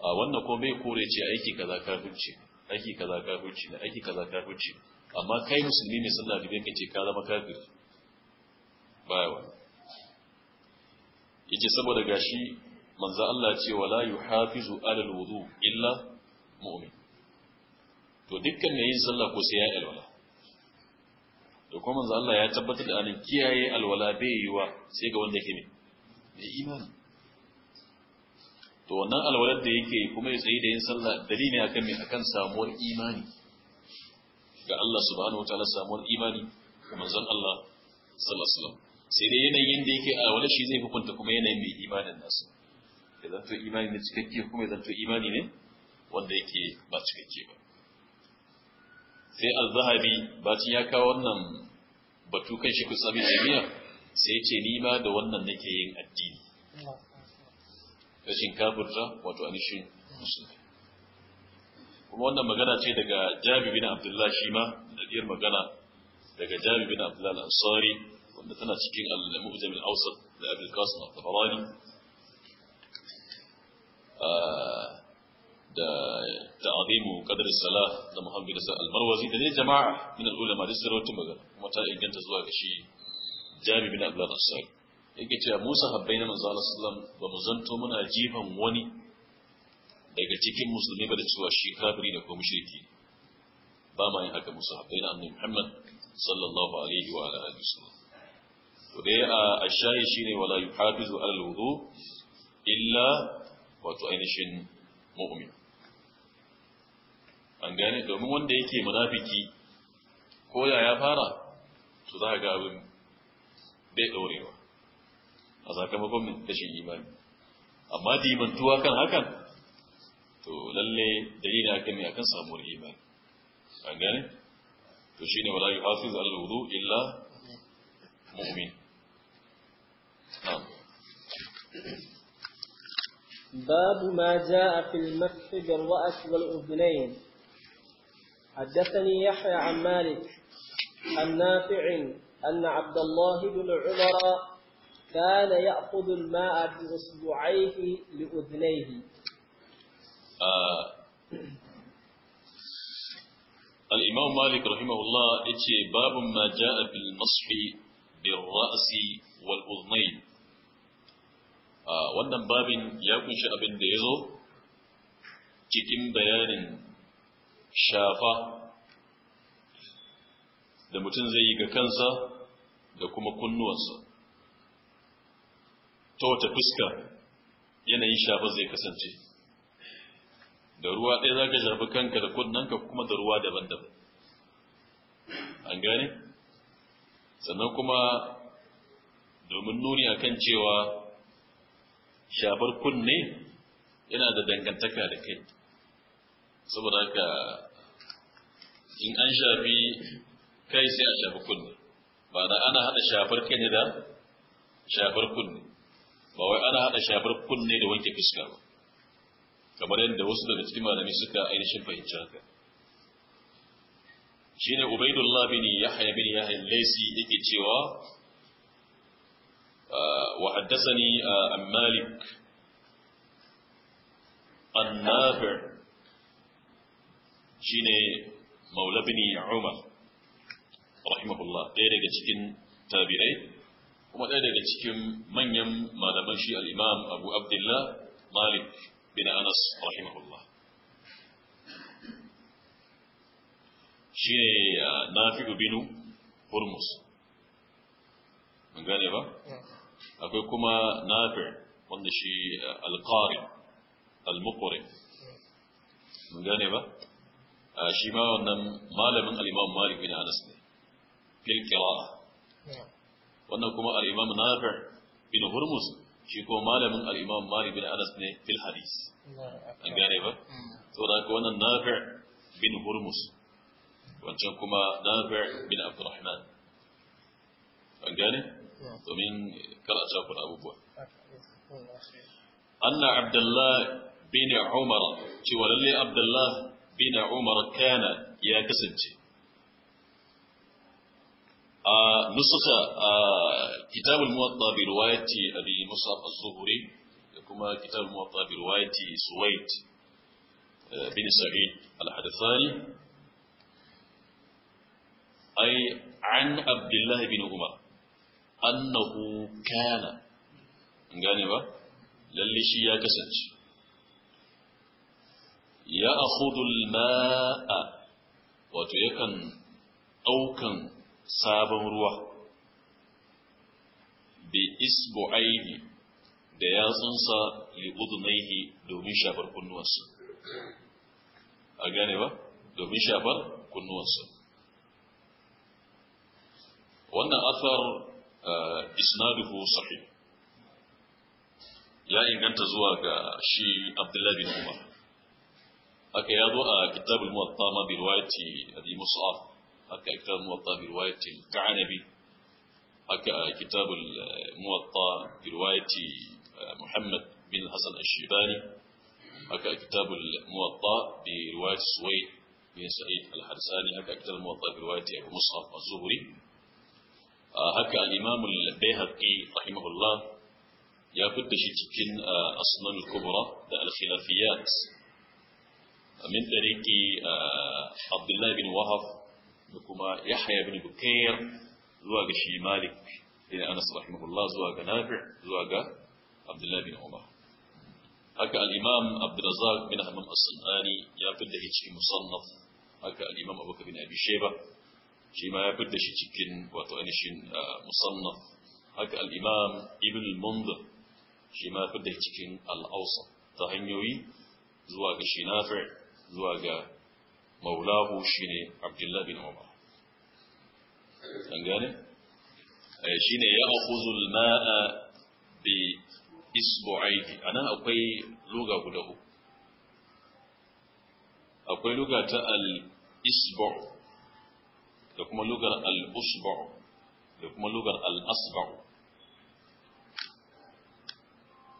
a wannan ko bai kore ce aiki kaza kafirce aiki kaza kafirci ne aiki kaza kafirci amma kai musulmi ne sallah da ka ce ka zama kafiri baya wa yace saboda gashi manzo Allah ce wala yuhafizu ala alwudu illa mu'min to dukkan ne yin sallah ko sai ya alwala to kuma manzo Allah ya tabbatar da anan kiyaye alwala bai yiwa sai ga wanda yake ne bai imani to wannan alwalar da yake kuma ya tsayi da yin sallah dalili ne akan me akan samuwar imani ga Allah subhanahu wataala samuwar imani ga manzon Allah sallallahu alaihi wasallam sai dai yanayin da yake alwalar shi zai hukunta kuma yanayin mai imanin nasu ya zanto imani ne cikakke kuma ya zanto imani ne wanda yake ba cikakke ba sai al-zahabi bacin ya kawo wannan batu kan shi kusa bi sai ya ce ni ma da wannan nake yin addini rashin kafirta wato anishin musulmi kuma wannan magana ce daga jabi bin abdullahi shi ma da magana daga jabi bin abdullahi al-ansari wanda tana cikin al-mu'jam al-awsat da abul qasim al-tabarani ah, da ta'zimu qadr as-salah da muhammad bin al-marwazi da dai jama'a min al-ulama da sirratu magana kuma ta inganta zuwa ga shi jabi bin abdullahi al-ansari yake cewa Musa habbai na manzo Allah sallam ba mu zanto muna jifan wani daga cikin musulmi ba da cewa shi kafiri da ko mushriki ba ma yin haka Musa habbai na annabi Muhammad sallallahu alaihi wa alihi wasallam to dai a shayi shine wala yuhafizu ala alwudu illa wato ainihin mu'min an gane domin wanda yake munafiki ko ya ya fara to za ga abin bai ɗorewa a sakamakon rashin imani amma da imantuwa kan hakan to lalle dalilin akan ne akan samuwar imani an gane to shine wala yuhafiz al-wudu illa mu'min باب ما جاء في المسح بالرأس والأذنين حدثني يحيى عن مالك عن نافع أن عبد الله بن عمر كان يأخذ الماء بأصبعيه لأذنيه آه. الإمام مالك رحمه الله إتي باب ما جاء بالمصح بالرأس والأذنين آه. وأن باب يكون شعب ديزو cikin bayanin shafa da mutum zai yi ga kansa da ta wata fuska yanayin shafa zai kasance da ruwa ɗaya za ka shafi kanka da kunnanka kuma da ruwa daban-daban an gane sannan kuma domin nuni kan cewa shafar kunne yana da dangantaka da kai saboda haka in an shafi kai sai a shafi kunne ba da ana haɗa shafar kai ne da shafar kunne ba wai ana hada shafar kunne da wanke fuska ba kamar yadda wasu daga cikin malami suka ainihin fahimci haka shine ubaidullah bin yahya bin yahya laysi yake cewa wa haddathani an malik an nafi' shine maula bin umar rahimahullah ɗaya daga cikin tabi'ai kuma ɗaya daga cikin manyan malaman shi al-imam abu abdullah malik bin anas rahimahullah shi ne nafi'u binu hormuz mun gane ba akwai kuma nafi wanda shi alƙari al-muqri gane ba shi ma wannan malamin al-imam malik bin anas ne fil qira'a wannan kuma al-imam nafi' bin hurmus shi ko malamin al-imam malik bin anas ne fil hadis an gane ba saboda haka wannan nafi' bin hurmus wancan kuma nafi' bin abdurrahman an gane domin kala ta kuna abubuwa anna abdullah bin umar cewa lalle abdullah bin umar kana ya kasance آه، نصف آه، كتاب الموطأ برواية أبي مصعب الزهري كما كتاب الموطأ برواية سويد آه، بن سعيد الحدثاني أي عن عبد الله بن عمر أنه كان غانبا للشيا كسج يأخذ الماء وتيكن أوكن sabon ruwa bi isbu'aini da yatsunsa li udunaihi domin shafar kunnuwansa a gane ba domin shafar kunnuwansa wannan athar eh, isnaduhu sahih ya inganta zuwa ga shi Abdullahi bin Umar aka yazo a kitabul muwatta ma bi riwayati Abi Mus'ab هكا آه، كتاب الموطأ برواية الكعنبي هكا كتاب الموطأ برواية محمد بن الحسن الشيباني هكا آه، كتاب الموطأ برواية سويد بن سعيد الحرساني هكا آه، كتاب الموطأ برواية أبو مصعب الزهري هكا الإمام البيهقي رحمه الله يا fitta shi cikin asnan kubra da al-khilafiyat min tariki Abdullah bin da kuma Yahya bin Bukair zuwa ga shi Malik bin Anas rahimahullah zuwa ga Nafi' zuwa ga Abdullah bin Umar haka al-Imam Abdurrazzaq bin Hammam as-Sunani ya fidda shi cikin musannaf haka al-Imam Abubakar bin Abi Shayba shi ma ya fidda shi cikin wato anishin musannaf haka al-Imam Ibn al-Mundhir shi ma ya fidda shi cikin al-Awsat ta hanyoyi zuwa ga shi Nafi' zuwa ga maulahu shine abdullah bin umar an eh, shi ne ya akhudhu al-ma'a bi isbu'aihi anan akwai luga guda uku akwai luga ta al-isbu' da kuma lugar al-usbu' da kuma lugar al-asbu'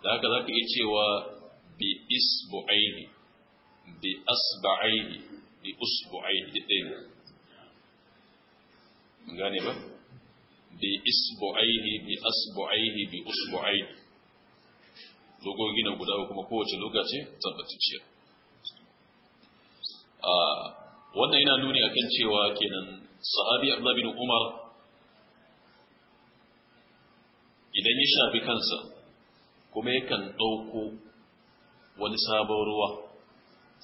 da haka zaka iya cewa bi isbu'aihi bi asba'aihi li di mun gane ba bi isbu'aihi bi asbu'aihi bi usbu'aihi logogi na guda kuma kowace lokaci tabbatacciya a wannan yana nuni akan cewa kenan sahabi Abdullah bin Umar idan ya shafi kansa kuma yakan ɗauko wani sabon ruwa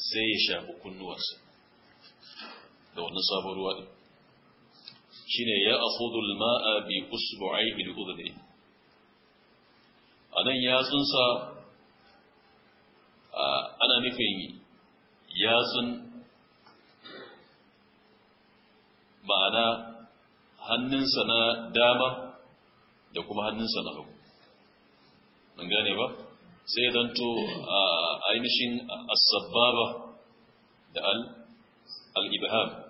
sai ya shafi kunnuwarsa da wannan sabon ruwa din ne ya a al-ma'a bi usbu'ai bil udhni anan yatsunsa ana nufin yatsun ma'ana hannunsa na dama da kuma hannunsa na hagu mun gane ba sai to ainihin as-sababa da al-ibham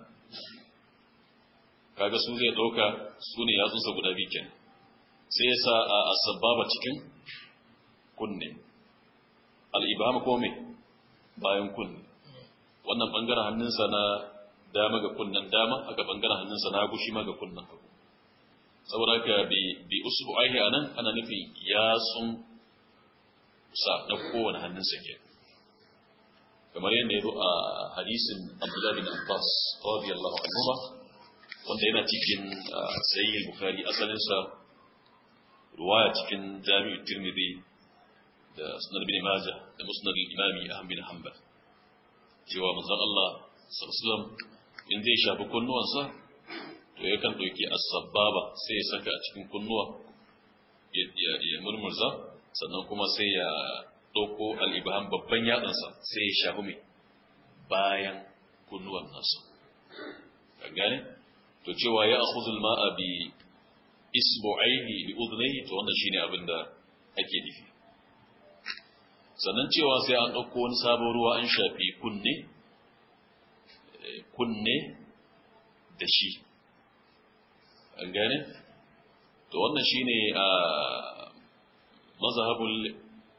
kaga su zai dauka su ne yatsunsa guda biyu sai ya sa a asbaba cikin kunne al-ibham ko me bayan kunne wannan bangaren hannunsa na dama ga kunnen dama aka bangaren hannunsa na hagu shi ma ga kunnen hagu saboda ka bi usbu aihi anan ana nufin yatsun sa na kowane hannunsa ke. kamar yadda ya zo a hadisin Abdullah bin Abbas radiyallahu anhu wanda yana cikin ah, sayyid bukhari asalinsa ruwaya cikin jami'u tirmidhi da sunan bin maja da musnad imami ahmad bin hanbal cewa manzon Allah sallallahu in zai shafi kunnuwansa to yakan ɗauki asababa sai ya saka a cikin kunnuwa ya murmurza sannan kuma sai ya ɗauko al'ibahan babban yatsansa sai ya shafi mai bayan kunnuwan nasa. Ka gane? to cewa ya akhudhul ma'a bi isbu'aini bi udhnayhi to wannan shine abin da ake nufi sannan cewa sai an dauko wani sabon ruwa an shafi kunne kunne da shi an gane to wannan shine a mazhabul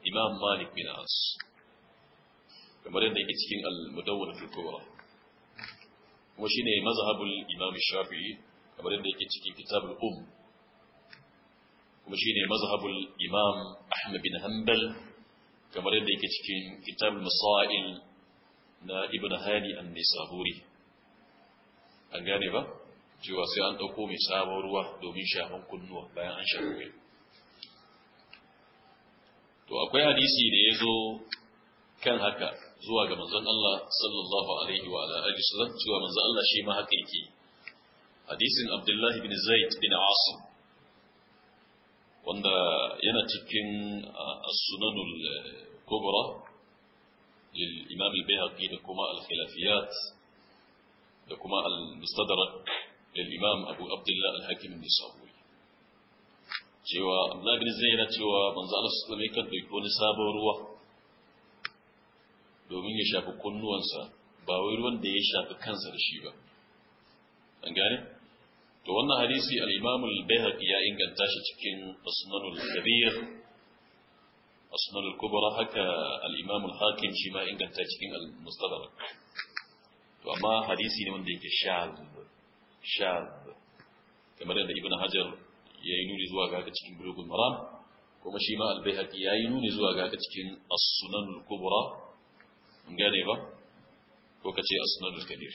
imam malik bin as kamar yadda yake cikin al-mudawwin fi kubra kuma shi shine mazhabul imam shafi'i kamar yadda yake cikin kitabul um kuma shi shine mazhabul imam ahmad bin hanbal kamar yadda yake cikin kitabul masail na ibn hadi an-nisaburi an gane ba cewa sai an dauko mai sabon ruwa domin shafan kunnuwa bayan an shafe to akwai hadisi da zo kan haka zuwa ga manzon Allah sallallahu alaihi wa alihi wasallam zuwa manzon Allah shi ma haka yake hadisin Abdullah ibn Zaid bin Asim wanda yana cikin as-sunanul kubra lil Imam al bayhaqi da kuma al-Khilafiyat da kuma al-Mustadrak lil Imam Abu Abdullah al-Hakim bin Sa'ud cewa Abdullah ibn Zaid yana cewa manzon Allah sallallahu alaihi wa alihi wasallam yakan dauki wani sabon ruwa domin ya shafi kunnuwansa ba wai ruwan da ya shafi kansa da shi ba an gane to wannan hadisi al-imam al-bayhaqi ya inganta shi cikin asnanul kabir asnanul kubra haka al-imam al-hakim shi ma inganta cikin al-mustadrak to amma hadisi ne wanda yake shaz shaz kamar da ibn hajar ya yi nuni zuwa ga cikin bulugul maram kuma shi ma al-bayhaqi ya yi nuni zuwa ga cikin as-sunan al-kubra gane ba ko ka ce a asnadul kabir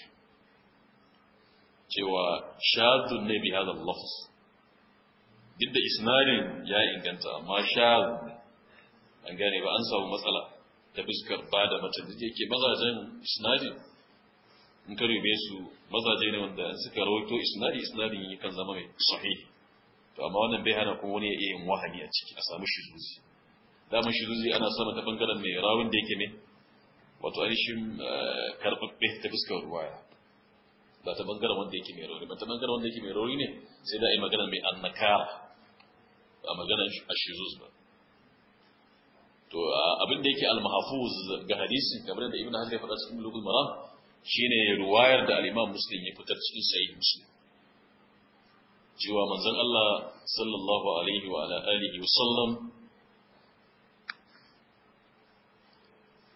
cewa shadun ne bi hada lafz duk da isnadin ya inganta amma shadun an gane ba an samu matsala ta fuskar ba da matan da yake mazajen isnadi in ka rube su mazaje ne wanda in suka rawaito isnadi isnadin yakan zama mai sahihi to amma wannan bai hana ko wani ya iya yin wahani a ciki a samu shizuzi dama shizuzi ana sama ta bangaren mai rawun da yake mai wato ainihin eh, karɓaɓɓe ta fuskar ruwaya ba ta bangaren wanda yake mai rauni ba ta bangaren wanda yake mai rauni ne sai da a yi magana mai annakara ba magana ashizuz ba to abin da yake al-mahfuz ga hadisi kamar da ibnu hazm ya faɗa cikin bulugul maram shine ruwayar da alimam imam muslim ya fitar cikin sahih muslim cewa manzon Allah sallallahu alaihi wa ala alihi wa sallam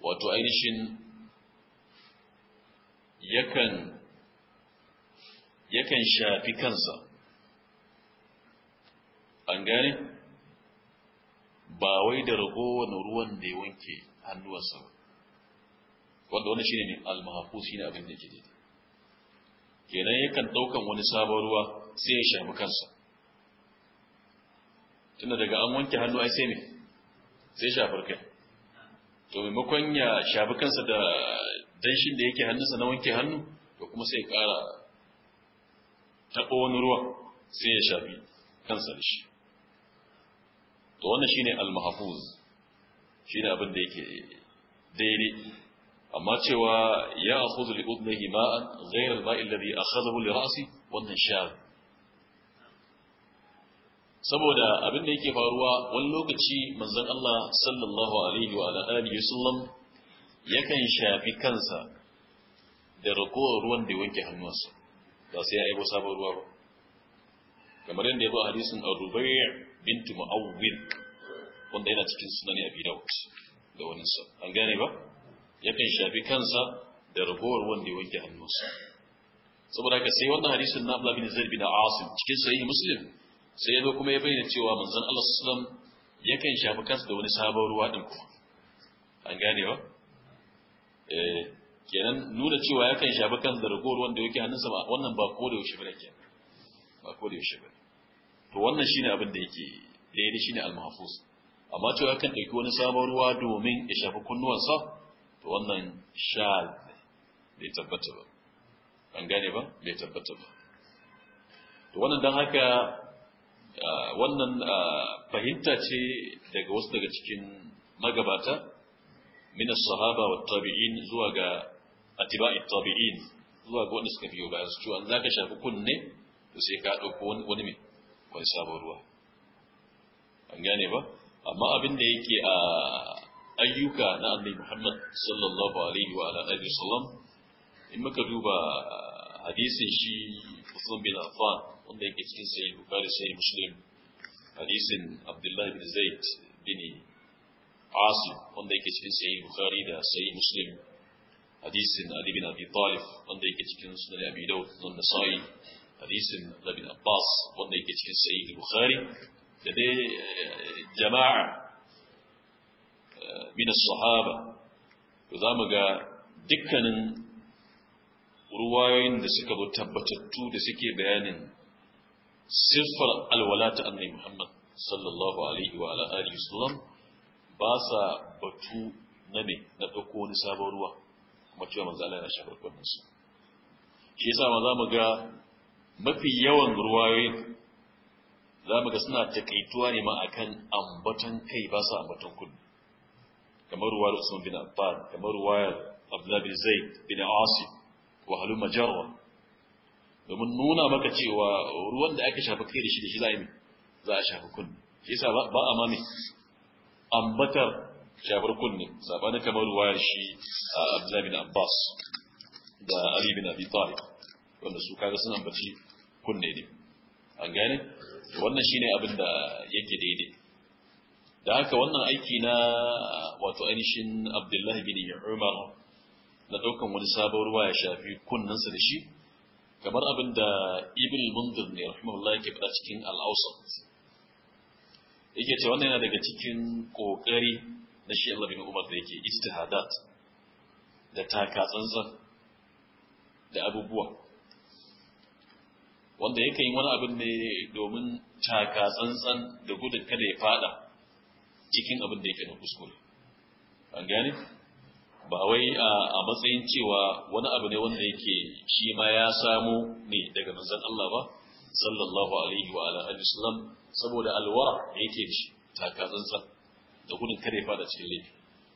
wato ainihin yakan yakan shafi kansa an gane ba wai da ragowar ruwan da ya wanke hannuwarsa ba wanda wani shine ne almahafu shine abin da ke daidai kenan yakan daukan wani sabon ruwa sai ya shafi kansa tunda daga an wanke hannu ai sai ne sai shafar kai to maimakon ya shafi kansa da danshin da yake hannunsa na wanke hannu to kuma sai ya ƙara taɓo wani ruwa sai ya shafi kansa da shi to wannan shine al-mahfuz shine abin da yake daidai amma cewa ya akhudhu li udnihi ma'an ghayra al-ma'i alladhi akhadhahu li ra'si wannan shadh saboda abin da yake faruwa wani lokaci manzon Allah sallallahu alaihi wa alihi wasallam yakan shafi kansa da ragowar ruwan da wanke hannuwansa ba sai ya aibo sabon ruwa ba kamar yadda ya zo hadisin Arubai bintu Mu'awwid wanda yana cikin sunan Abi Dawud da wani sa an gane ba yakan shafi kansa da ragowar ruwan da wanke hannuwansa saboda ka sai wannan hadisin na Abdullah bin Zaid bin Asim cikin sahihi Muslim sai ya zo kuma ya bayyana cewa manzon Allah sallallahu alaihi wasallam yakan shafi kansa da wani sabon ruwa din ko an gane ba eh kenan nuna cewa yakan shafi kansa da ragowar wanda yake hannunsa ba wannan ba ko da yaushe bane kenan ba ko da yaushe bane to wannan shine abin da yake daidai shine al-mahfuz amma cewa yakan dauki wani sabon ruwa domin ya shafi kunnuwansa to wannan shal bai tabbata ba an gane ba bai tabbata ba to wannan dan haka Ah, wannan ah, fahimta ce daga wasu daga cikin magabata min sahaba wa tabi'in zuwa ga atiba'i tabi'in zuwa ga wanda suka biyo bayan su cewa za ka shafi kunne to sai ka ɗauko wani mai wani sabon ruwa an gane ba amma abin da yake a ah, ayyuka na annabi Muhammad sallallahu alaihi wa ala alihi wasallam in muka duba hadisin shi Usman bin Affan wanda yake cikin sayi bukari sayi muslim hadisin abdullahi bin zaid bin asim wanda yake cikin sayi bukari da sayi muslim hadisin ali bin abi talib wanda yake cikin sunan abi daud da nasa'i hadisin labin abbas wanda yake cikin sayi bukari da dai jama'a min as-sahaba za mu ga dukkanin ruwayoyin da suka zo tabbatattu da suke bayanin siffar alwala ta annabi Muhammad sallallahu alaihi wa alihi wasallam ba sa batu na me na dauko wani sabon ruwa kuma cewa manzo Allah yana shafar kunnin su shi yasa ma za mu ga mafi yawan ruwayoyin za mu ga suna takaituwa ne ma akan ambaton kai ba sa ambaton kunni kamar ruwayar Usman bin Affan kamar ruwayar Abdullah bin Zaid bin Asif wa halumma jarwa domin nuna maka cewa ruwan da aka shafa kai da shi da shi za yi za a shafi kunne shi yasa ba a mame ambatar shafar kunne sabanin kamar ruwayar shi a Abdullahi bin Abbas da Ali bin Abi Talib wanda su kaga sun ambaci kunne ne an gane wannan shine abin da yake daidai da haka wannan aiki na wato ainihin Abdullahi bin Umar na daukan wani sabon ruwa ya shafi kunnensa da shi kamar abin da ibn mundir ne rahimahullah yake faɗa cikin al'ausat yake ce wannan yana daga cikin kokari na shi Allah bin Umar da yake ijtihadat da taka tsantsan da abubuwa wanda yake yin wani abin ne domin taka tsantsan da gudun kada ya fada cikin abin da yake na kuskure an gane ba wai a matsayin cewa wani abu ne wanda yake shi ma ya samu ne daga manzon Allah ba sallallahu alaihi wa ala alihi wasallam saboda alwara da yake shi, taka tsantsan da gudun kare fada cikin laifi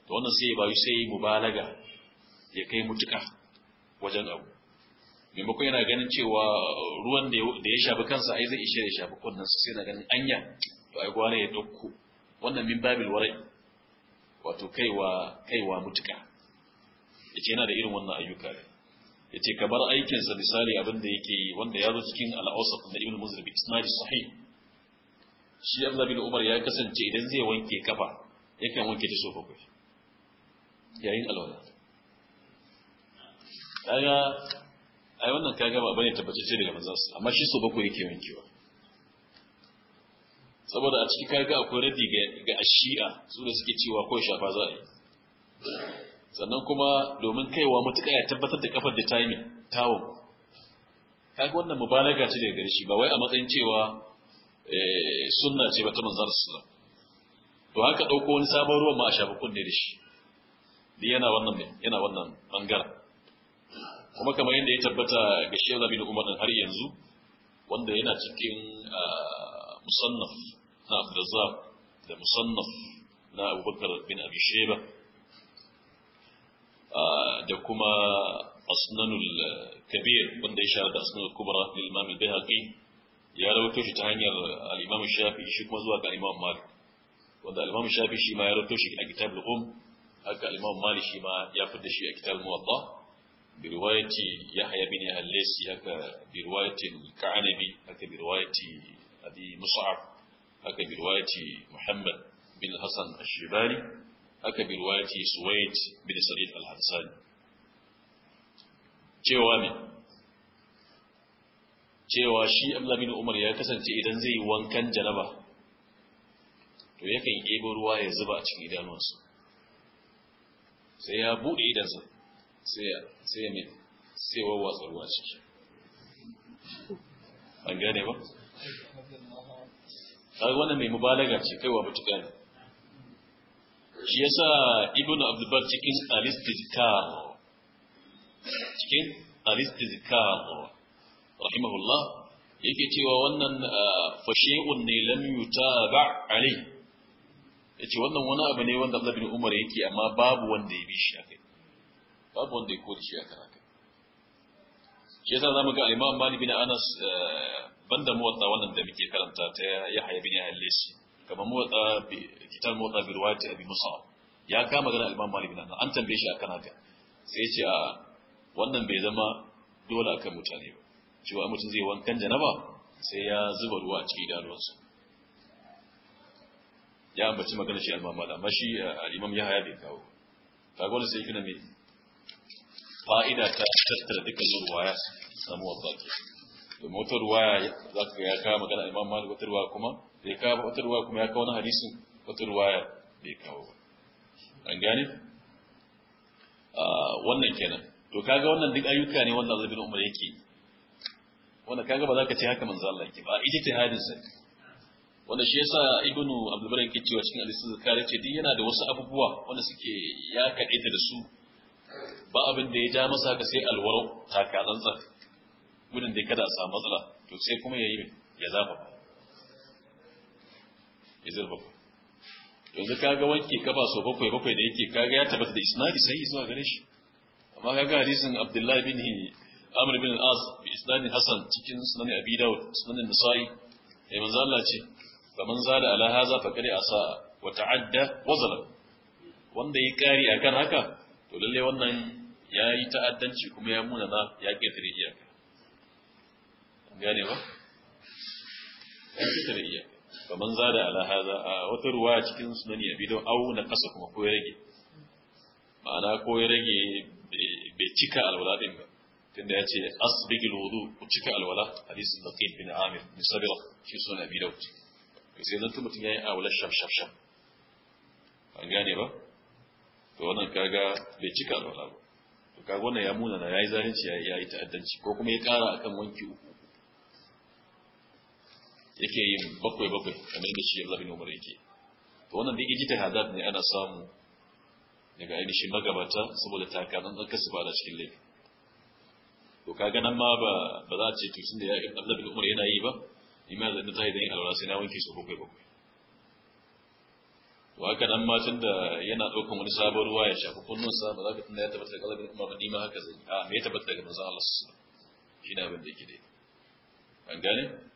to wannan sai ba sai mubalaga ya kai mutuka wajen abu maimakon yana ganin cewa ruwan da ya shafi kansa ai zai ishe ya shafi kunnan sai yana ganin anya to ai gwara ya dauko wannan min babil warai wato kaiwa kaiwa mutuka yace yana da irin wannan ayyuka ne yace ka bar aikinsa misali abin da yake yi wanda ya zo cikin al da ibn muzrib isnad sahih shi abdullah bin umar ya kasance idan zai wanke kafa yakan wanke ta sofa kai yayin alwala kaga ai wannan kaga ba bane tabbatacce daga manzon amma shi so bakwai yake wankewa saboda a ciki kaga akwai radi ga ashi'a su da suke cewa ko shafa za a yi sannan kuma domin kaiwa matuƙa ya tabbatar da kafar da taimi tawon kaga wannan mubalaga ce daga gare shi ba wai a matsayin cewa eh, sunna ce ba ta manzar sallallahu to haka dauko wani sabon ruwan ma a shafi kunne da shi ni yana wannan ne yana wannan bangaren kuma kamar yadda ya tabbata ga shi zabi da umar har yanzu wanda yana cikin ah, musannaf na abu da musannaf na abubakar bin abi sheba da kuma asnanul kabir wanda ya shahara da asnanul kubra lil imam al-bayhaqi ya rawaito shi ta hanyar al-imam shafi shi kuma zuwa ga imam malik wanda al-imam shafi shi ma ya rawaito shi a kitab al-um haka al-imam malik shi ma ya fitar shi a kitab al-muwatta bi riwayati yahya bin al-laysi haka bi riwayati al-ka'anabi haka bi riwayati abi mus'ab haka bi riwayati muhammad bin hasan al shibani aka bi ruwayati suwaid bin sa'id al-hasan cewa ne cewa shi Abdullah bin Umar ya kasance idan zai yi wankan janaba to yakan ebo ruwa ya zuba a cikin idanuwansa sai ya bude idansa sai sai mai sai wawa ruwa ciki an gane ba kaga wannan mai mubalaga ce kaiwa mutu gane. shi yasa ibnu abdulbar cikin alistizkar cikin alistizkar rahimahullah yake cewa wannan ah, fashe'un ne lam yutaba ya yace wannan wani abu ne wanda Abdullah bin Umar yake amma babu wanda ya bi shi akai babu wanda ya kore shi akan akai shi yasa zamu ga al-Imam Malik bin Anas ban ah, banda muwatta wannan da muke karanta ta Yahya bin Al-Laysi kamar motsa kitar motsa bi ruwati abi musa ya kama magana al-imam malik nan an tambaye shi akan haka sai ya ce a wannan bai zama dole akan mutane ba cewa mutum zai wankan janaba sai ya zuba ruwa a cikin idanuwansa ya ambaci magana shi al-imam malik amma shi al-imam eh, ya haya bai kawo ka gwada sai kina mai fa'ida ta tattara dukkan ruwaya samu wadda ke Da motar ruwaya za ka ga ya kawo magana imam malik wata ruwa kuma bai kawo ba wata ruwaya kuma ya kawo na hadisin wata ruwaya bai kawo ba an gane ah, wannan kenan to kaga wannan duk ayyuka ne wanda Abdul Umar yake wanda kaga ba za ka ce haka manzo Allah yake ba ijtihadin sa wanda shi yasa ibnu Abdul Bari yake cewa cikin hadisi zakari ce duk yana da wasu abubuwa wanda suke ya kadaita da su ba abin da ya ja masa ka sai alwaro ta tsantsa gudun da kada a samu matsala to sai kuma yayi ya ba izir bakwai yanzu kaga wanke kaba so bakwai bakwai da yake kaga ya tabbata da isnadi sai zuwa gare shi amma kaga hadisin abdullahi bin amr bin al-as bi isnadi hasan cikin sunan abi dawud sunan nisa'i sai eh, manzo Allah ce faman zada ala haza faqad asa wa ta'adda wa zalam wanda ya kari akan haka to lalle wannan ya yi ta'addanci kuma ya munana ya ketare iyaka gane ba ya ketare iyaka kaman za da ala haza a wata ruwa cikin na abi bidon au na kasa kuma ko ya rage ma'ana ko ya rage bai cika alwala din ba tunda ya ce asbigil wudu ku cika alwala hadisin naqib bin amir bin sabira shi bidon abi daud sai zan tumutun yayin yayi awla shaf shaf shaf an gane ba to wannan kaga bai cika alwala ba to kaga wannan ya muna na yayi zalunci yayi ta'addanci ko kuma ya kara akan wanki uku yake yin bakwai bakwai kamar yadda shi Allah bin Umar yake to wannan da yake hadad ne ana samu daga ainihin magabata saboda takanan an kasu ba da cikin laifi to kaga nan ma ba ba za a ce tutun da Allah bin Umar yana yi ba imma da ta yi dan alwala sai na wanke su bakwai bakwai to haka nan ma tunda yana daukan wani sabon ruwa ya shafi kunnunsa ba za ka tunda ya tabbata daga Allah bin Umar ba ni ma haka zai a me ya tabbata daga manzon Allah sallallahu alaihi wasallam shine abin da yake dai an gane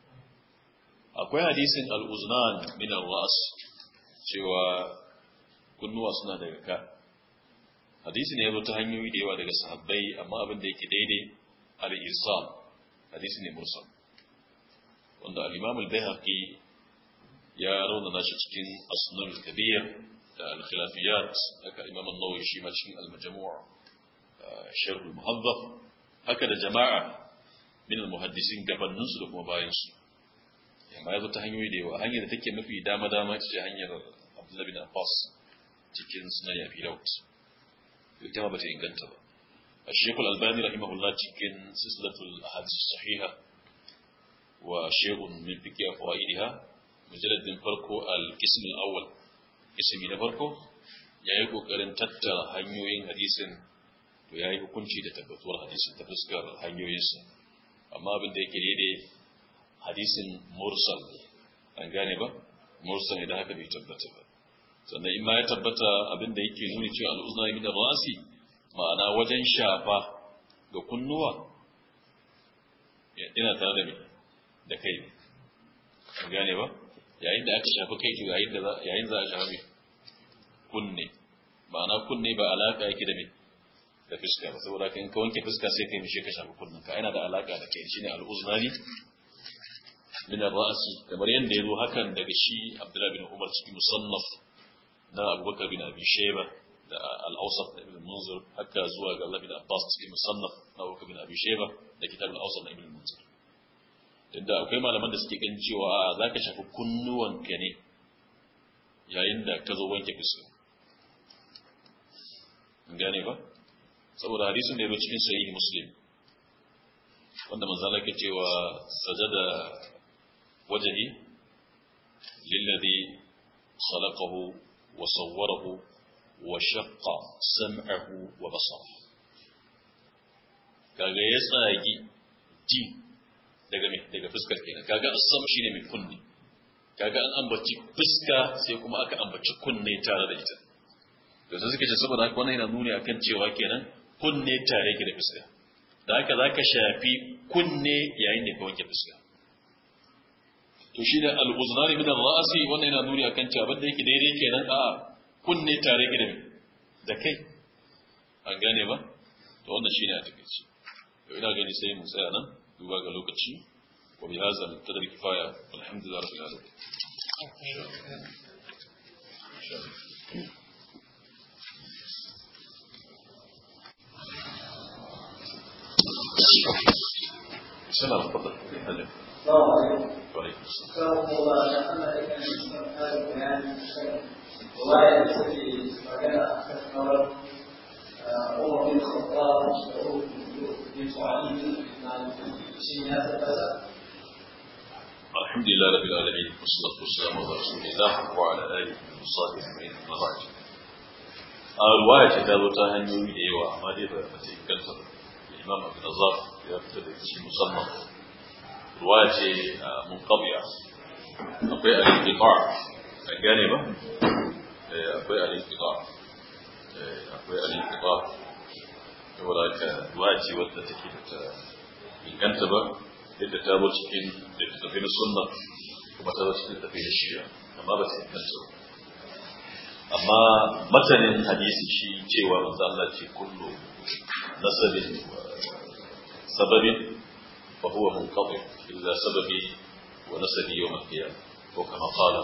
akwai hadisin al'uznan min al-ra'as cewa kunnuwa suna daga ka hadisi ne ya ta hanyoyi da yawa daga sahabbai amma abin da yake daidai al-irsal hadisi ne mursal wanda al-imam al-bayhaqi ya na shi cikin asnan kabir da al-khilafiyat haka imam an-nawawi shi ma cikin al-majmu' sharh al-muhaddaf haka da jama'a min al-muhaddisin gabanin su da kuma bayan su amma ya zo ta hanyoyi da yawa hanyar da take mafi dama dama ce hanyar abdullahi bin abbas cikin sunan ya fi raut ita ma bata inganta ba الشيخ الألباني رحمه الله تكن سلسلة الأحاديث الصحيحة وشيخ من بقية فوائدها مجلد من فرقه القسم الأول اسم من فرقه yayi kokarin tattara hanyoyin hadisin to yayi hukunci da tabbatuwar hadisin ta fuskar hanyoyinsa amma abin da yake daidai hadisin mursal an gane ba mursal idan haka bai tabbata ba sannan in ma ya tabbata abin da yake nuni cewa al'uzna da rasi ma'ana wajen shafa ga kunnuwa ina tare da da kai ne an gane ba yayin da aka shafi kai to yayin da yayin za a shafi kunne ma'ana kunne ba alaka yake da mai da fuska ba saboda kan ka wanke fuska sai kai mishi ka shafi kunnen ka ina da alaka da kai shine ne min ar-ra'si kamar ya zo hakan daga shi Abdullah bin Umar cikin musannaf da Abubakar bin Abi da al-Awsat da Ibn Munzir haka zuwa ga Allah Abbas cikin musannaf da Abubakar bin Abi da kitab al da Ibn Munzir inda akwai malaman da suke ganin cewa zaka shafi kunnuwan ne yayin da ka zo wanke gane ba saboda hadisin da ya cikin sahihi muslim wanda manzo Allah ke cewa sajada وجهي للذي خلقه وصوره وشق سمعه وبصره kaga ya tsagi ji daga daga fuskar kenan kaga asam shine mai kunne kaga an ambaci fuska sai kuma aka ambaci kunne tare da ita to sai suke ce saboda haka wannan yana nuni akan cewa kenan kunne tare yake da fuska da haka zaka shafi kunne yayin da ka wanke fuska to shi da al'uznar min ra'asi wannan yana nuri akan kan abin da yake daidai kenan a kunne tare gidan da kai an gane ba to wannan ne a takaici to ina gani sai mu tsaya nan duba ga lokaci wa bi hadha al-qadri alhamdulillah rabbil alamin السلام عليكم السلام عليكم. وعليكم السلام. الحمد لله رب العالمين والصلاة والسلام على رسول الله وعلى آله وصحبه أجمعين أما بعد. الرواية تداولتها هنيوي ديوا ما دير الإمام أبو النظر في مسمى ruwaya ce uh, munqabiya akwai al-inqita A gane ba eh, akwai al-inqita eh, akwai al-inqita saboda ka ruwaya wadda take da inganta ba yadda ta zo cikin da tafi na sunna kuma ta zo cikin tafi na shirya amma ba ta inganta ba amma matanin hadisi shi cewa manzo Allah ce kullu nasabin sababin فهو منقطع إلا سببي ونسبي يوم القيامة وكما قال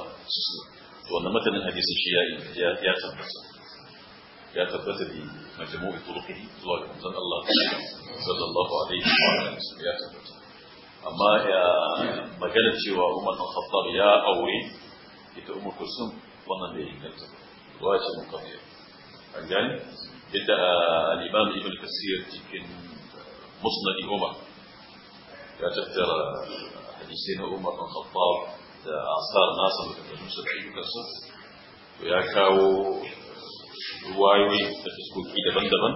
وأن مثلا هذه الشيء يا تبت يا تبت بمجموع طرقه الله صلى الله صلى الله عليه وسلم يا تبت أما يا مجالة وأمة الخطاب يا أوي إذا أمك السم به لي روايه منقطع عن جانب الامام ابن كثير في مسند عمر ya tattara hadisai na umar bin khattab da asar nasa da kuma su da ayyukansa ya kawo ruwayoyi da fuskoki daban-daban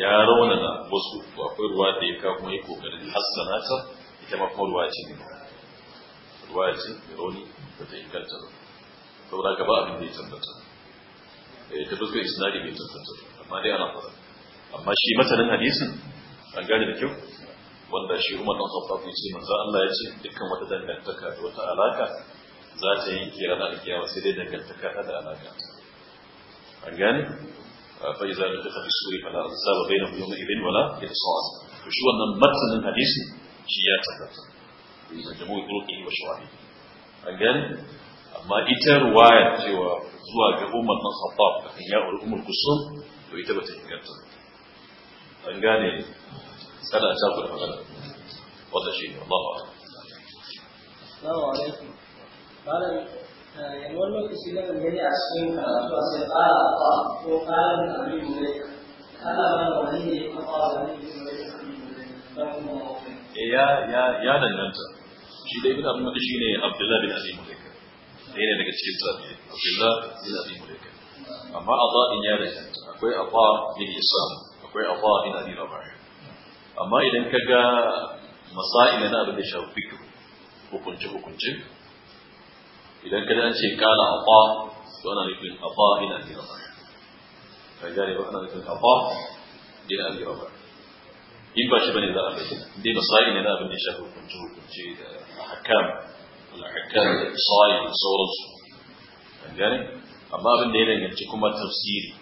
ya raunana wasu akwai ruwa da ya kawo kuma ya kokarin hassana ta ita ma kuma ruwa ce ruwa ce da rauni da ta inganta ba saboda gaba abin da ya tabbata ta fuskar isnadi bai tabbata amma dai ana fara amma shi masanin hadisin an gane da kyau wanda shi Umar dan Khattab ya ce manzo Allah ya ce dukkan wata dangantaka da wata alaka za ta yanke ranar alkiyama sai dai dangantaka ta da alaka an gane fa iza da kafa suri fala ansaba bainahum yawma idin wala yatsawas to shi wannan matanin hadisi shi ya tabbata da jama'a turki wa shawahid an gane amma ita ruwaya cewa zuwa ga Umar dan Khattab kan ya ulumul kusum to ita bata inganta an gane سنة أتاكم فغدا ولا شيء الله أعلم السلام عليكم قال يقول لك سيدنا الذي أسلم قال وقال من أبي مليك قال من وليه فقال ya ya ya danganta shi da ibn abdul shi ne abdullah bin abi mulaika ɗaya ne daga cikin sabi abdullah bin abi mulaika amma a in ya danganta akwai aqa bin islam akwai aqa bin abi rabah amma idan ka ga masa'ila na abin da shafi fikin hukunce-hukunce idan ka dace kala afa to ana nufin afa ina jira ba ka gane ba ana nufin afa ina jira ba in ba shi bane za a bayyana dai masa'ila na abin da shafi hukunce-hukunce da ahkam al-ahkam da isai da sauransu ka gane amma abin da ya danganci kuma tafsiri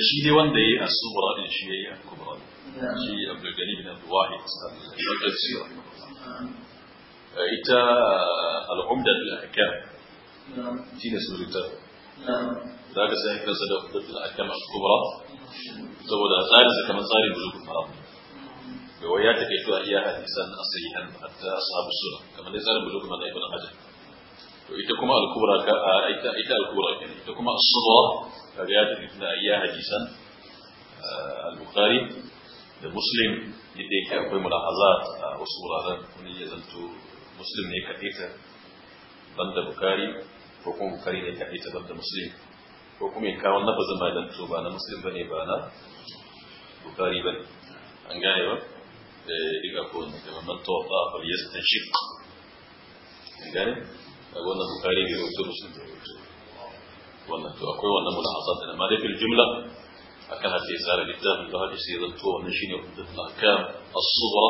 shi dai wanda ya yi asubura din shi ya yi al-kubra shi abdulgani bin abdullahi al-qadsi ita al-umda al-ahkam shi ne suritar za ka sai kansa da hudatul ahkam al-kubra saboda tsarin sa kamar tsarin bulugul maram da waya take to iya hadisan asahihan hatta ashabu sura kamar dai tsarin bulugul maram ibn hajar ita kuma al-kubra ka ita ita al-kubra ita kuma as-sughra kaga ya tafi da iya hadisan al-bukhari da muslim yadda yake akwai mulahazat a wasu wuraren wani ya zanto muslim ne kaɗai ta banda bukari ko kuma bukari ne kaɗai ta banda muslim ko kuma ya kawo nafazin ma zanto ba na muslim bane ba na bukari bane an gane ba duk akwai wani kamar man tawata fal shi an gane wannan bukari bai rawaito muslim bai rawaito wannan to akwai wannan mulahazat din amma dai fil jumla akan hadisi tsara littafin da hadisi sai zanto wannan shine huddatul ahkam as-sughra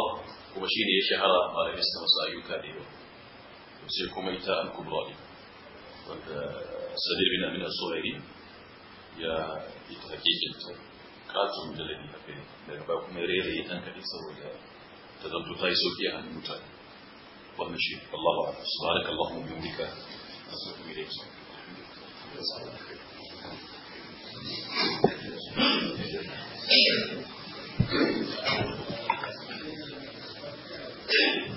kuma shine ya shahara malamin sa masu ayyuka da yawa sai kuma ita al-kubra din wanda sadir bin amin as-suhairi ya ita hakikin ta katun da labi a kai daga ba kuma rere ya tankaɗe saboda ta zanto ta yi sauki a hannun mutane وهم الله أعلم سبحانك اللهم وبحمدك اسلم إليك Thank you.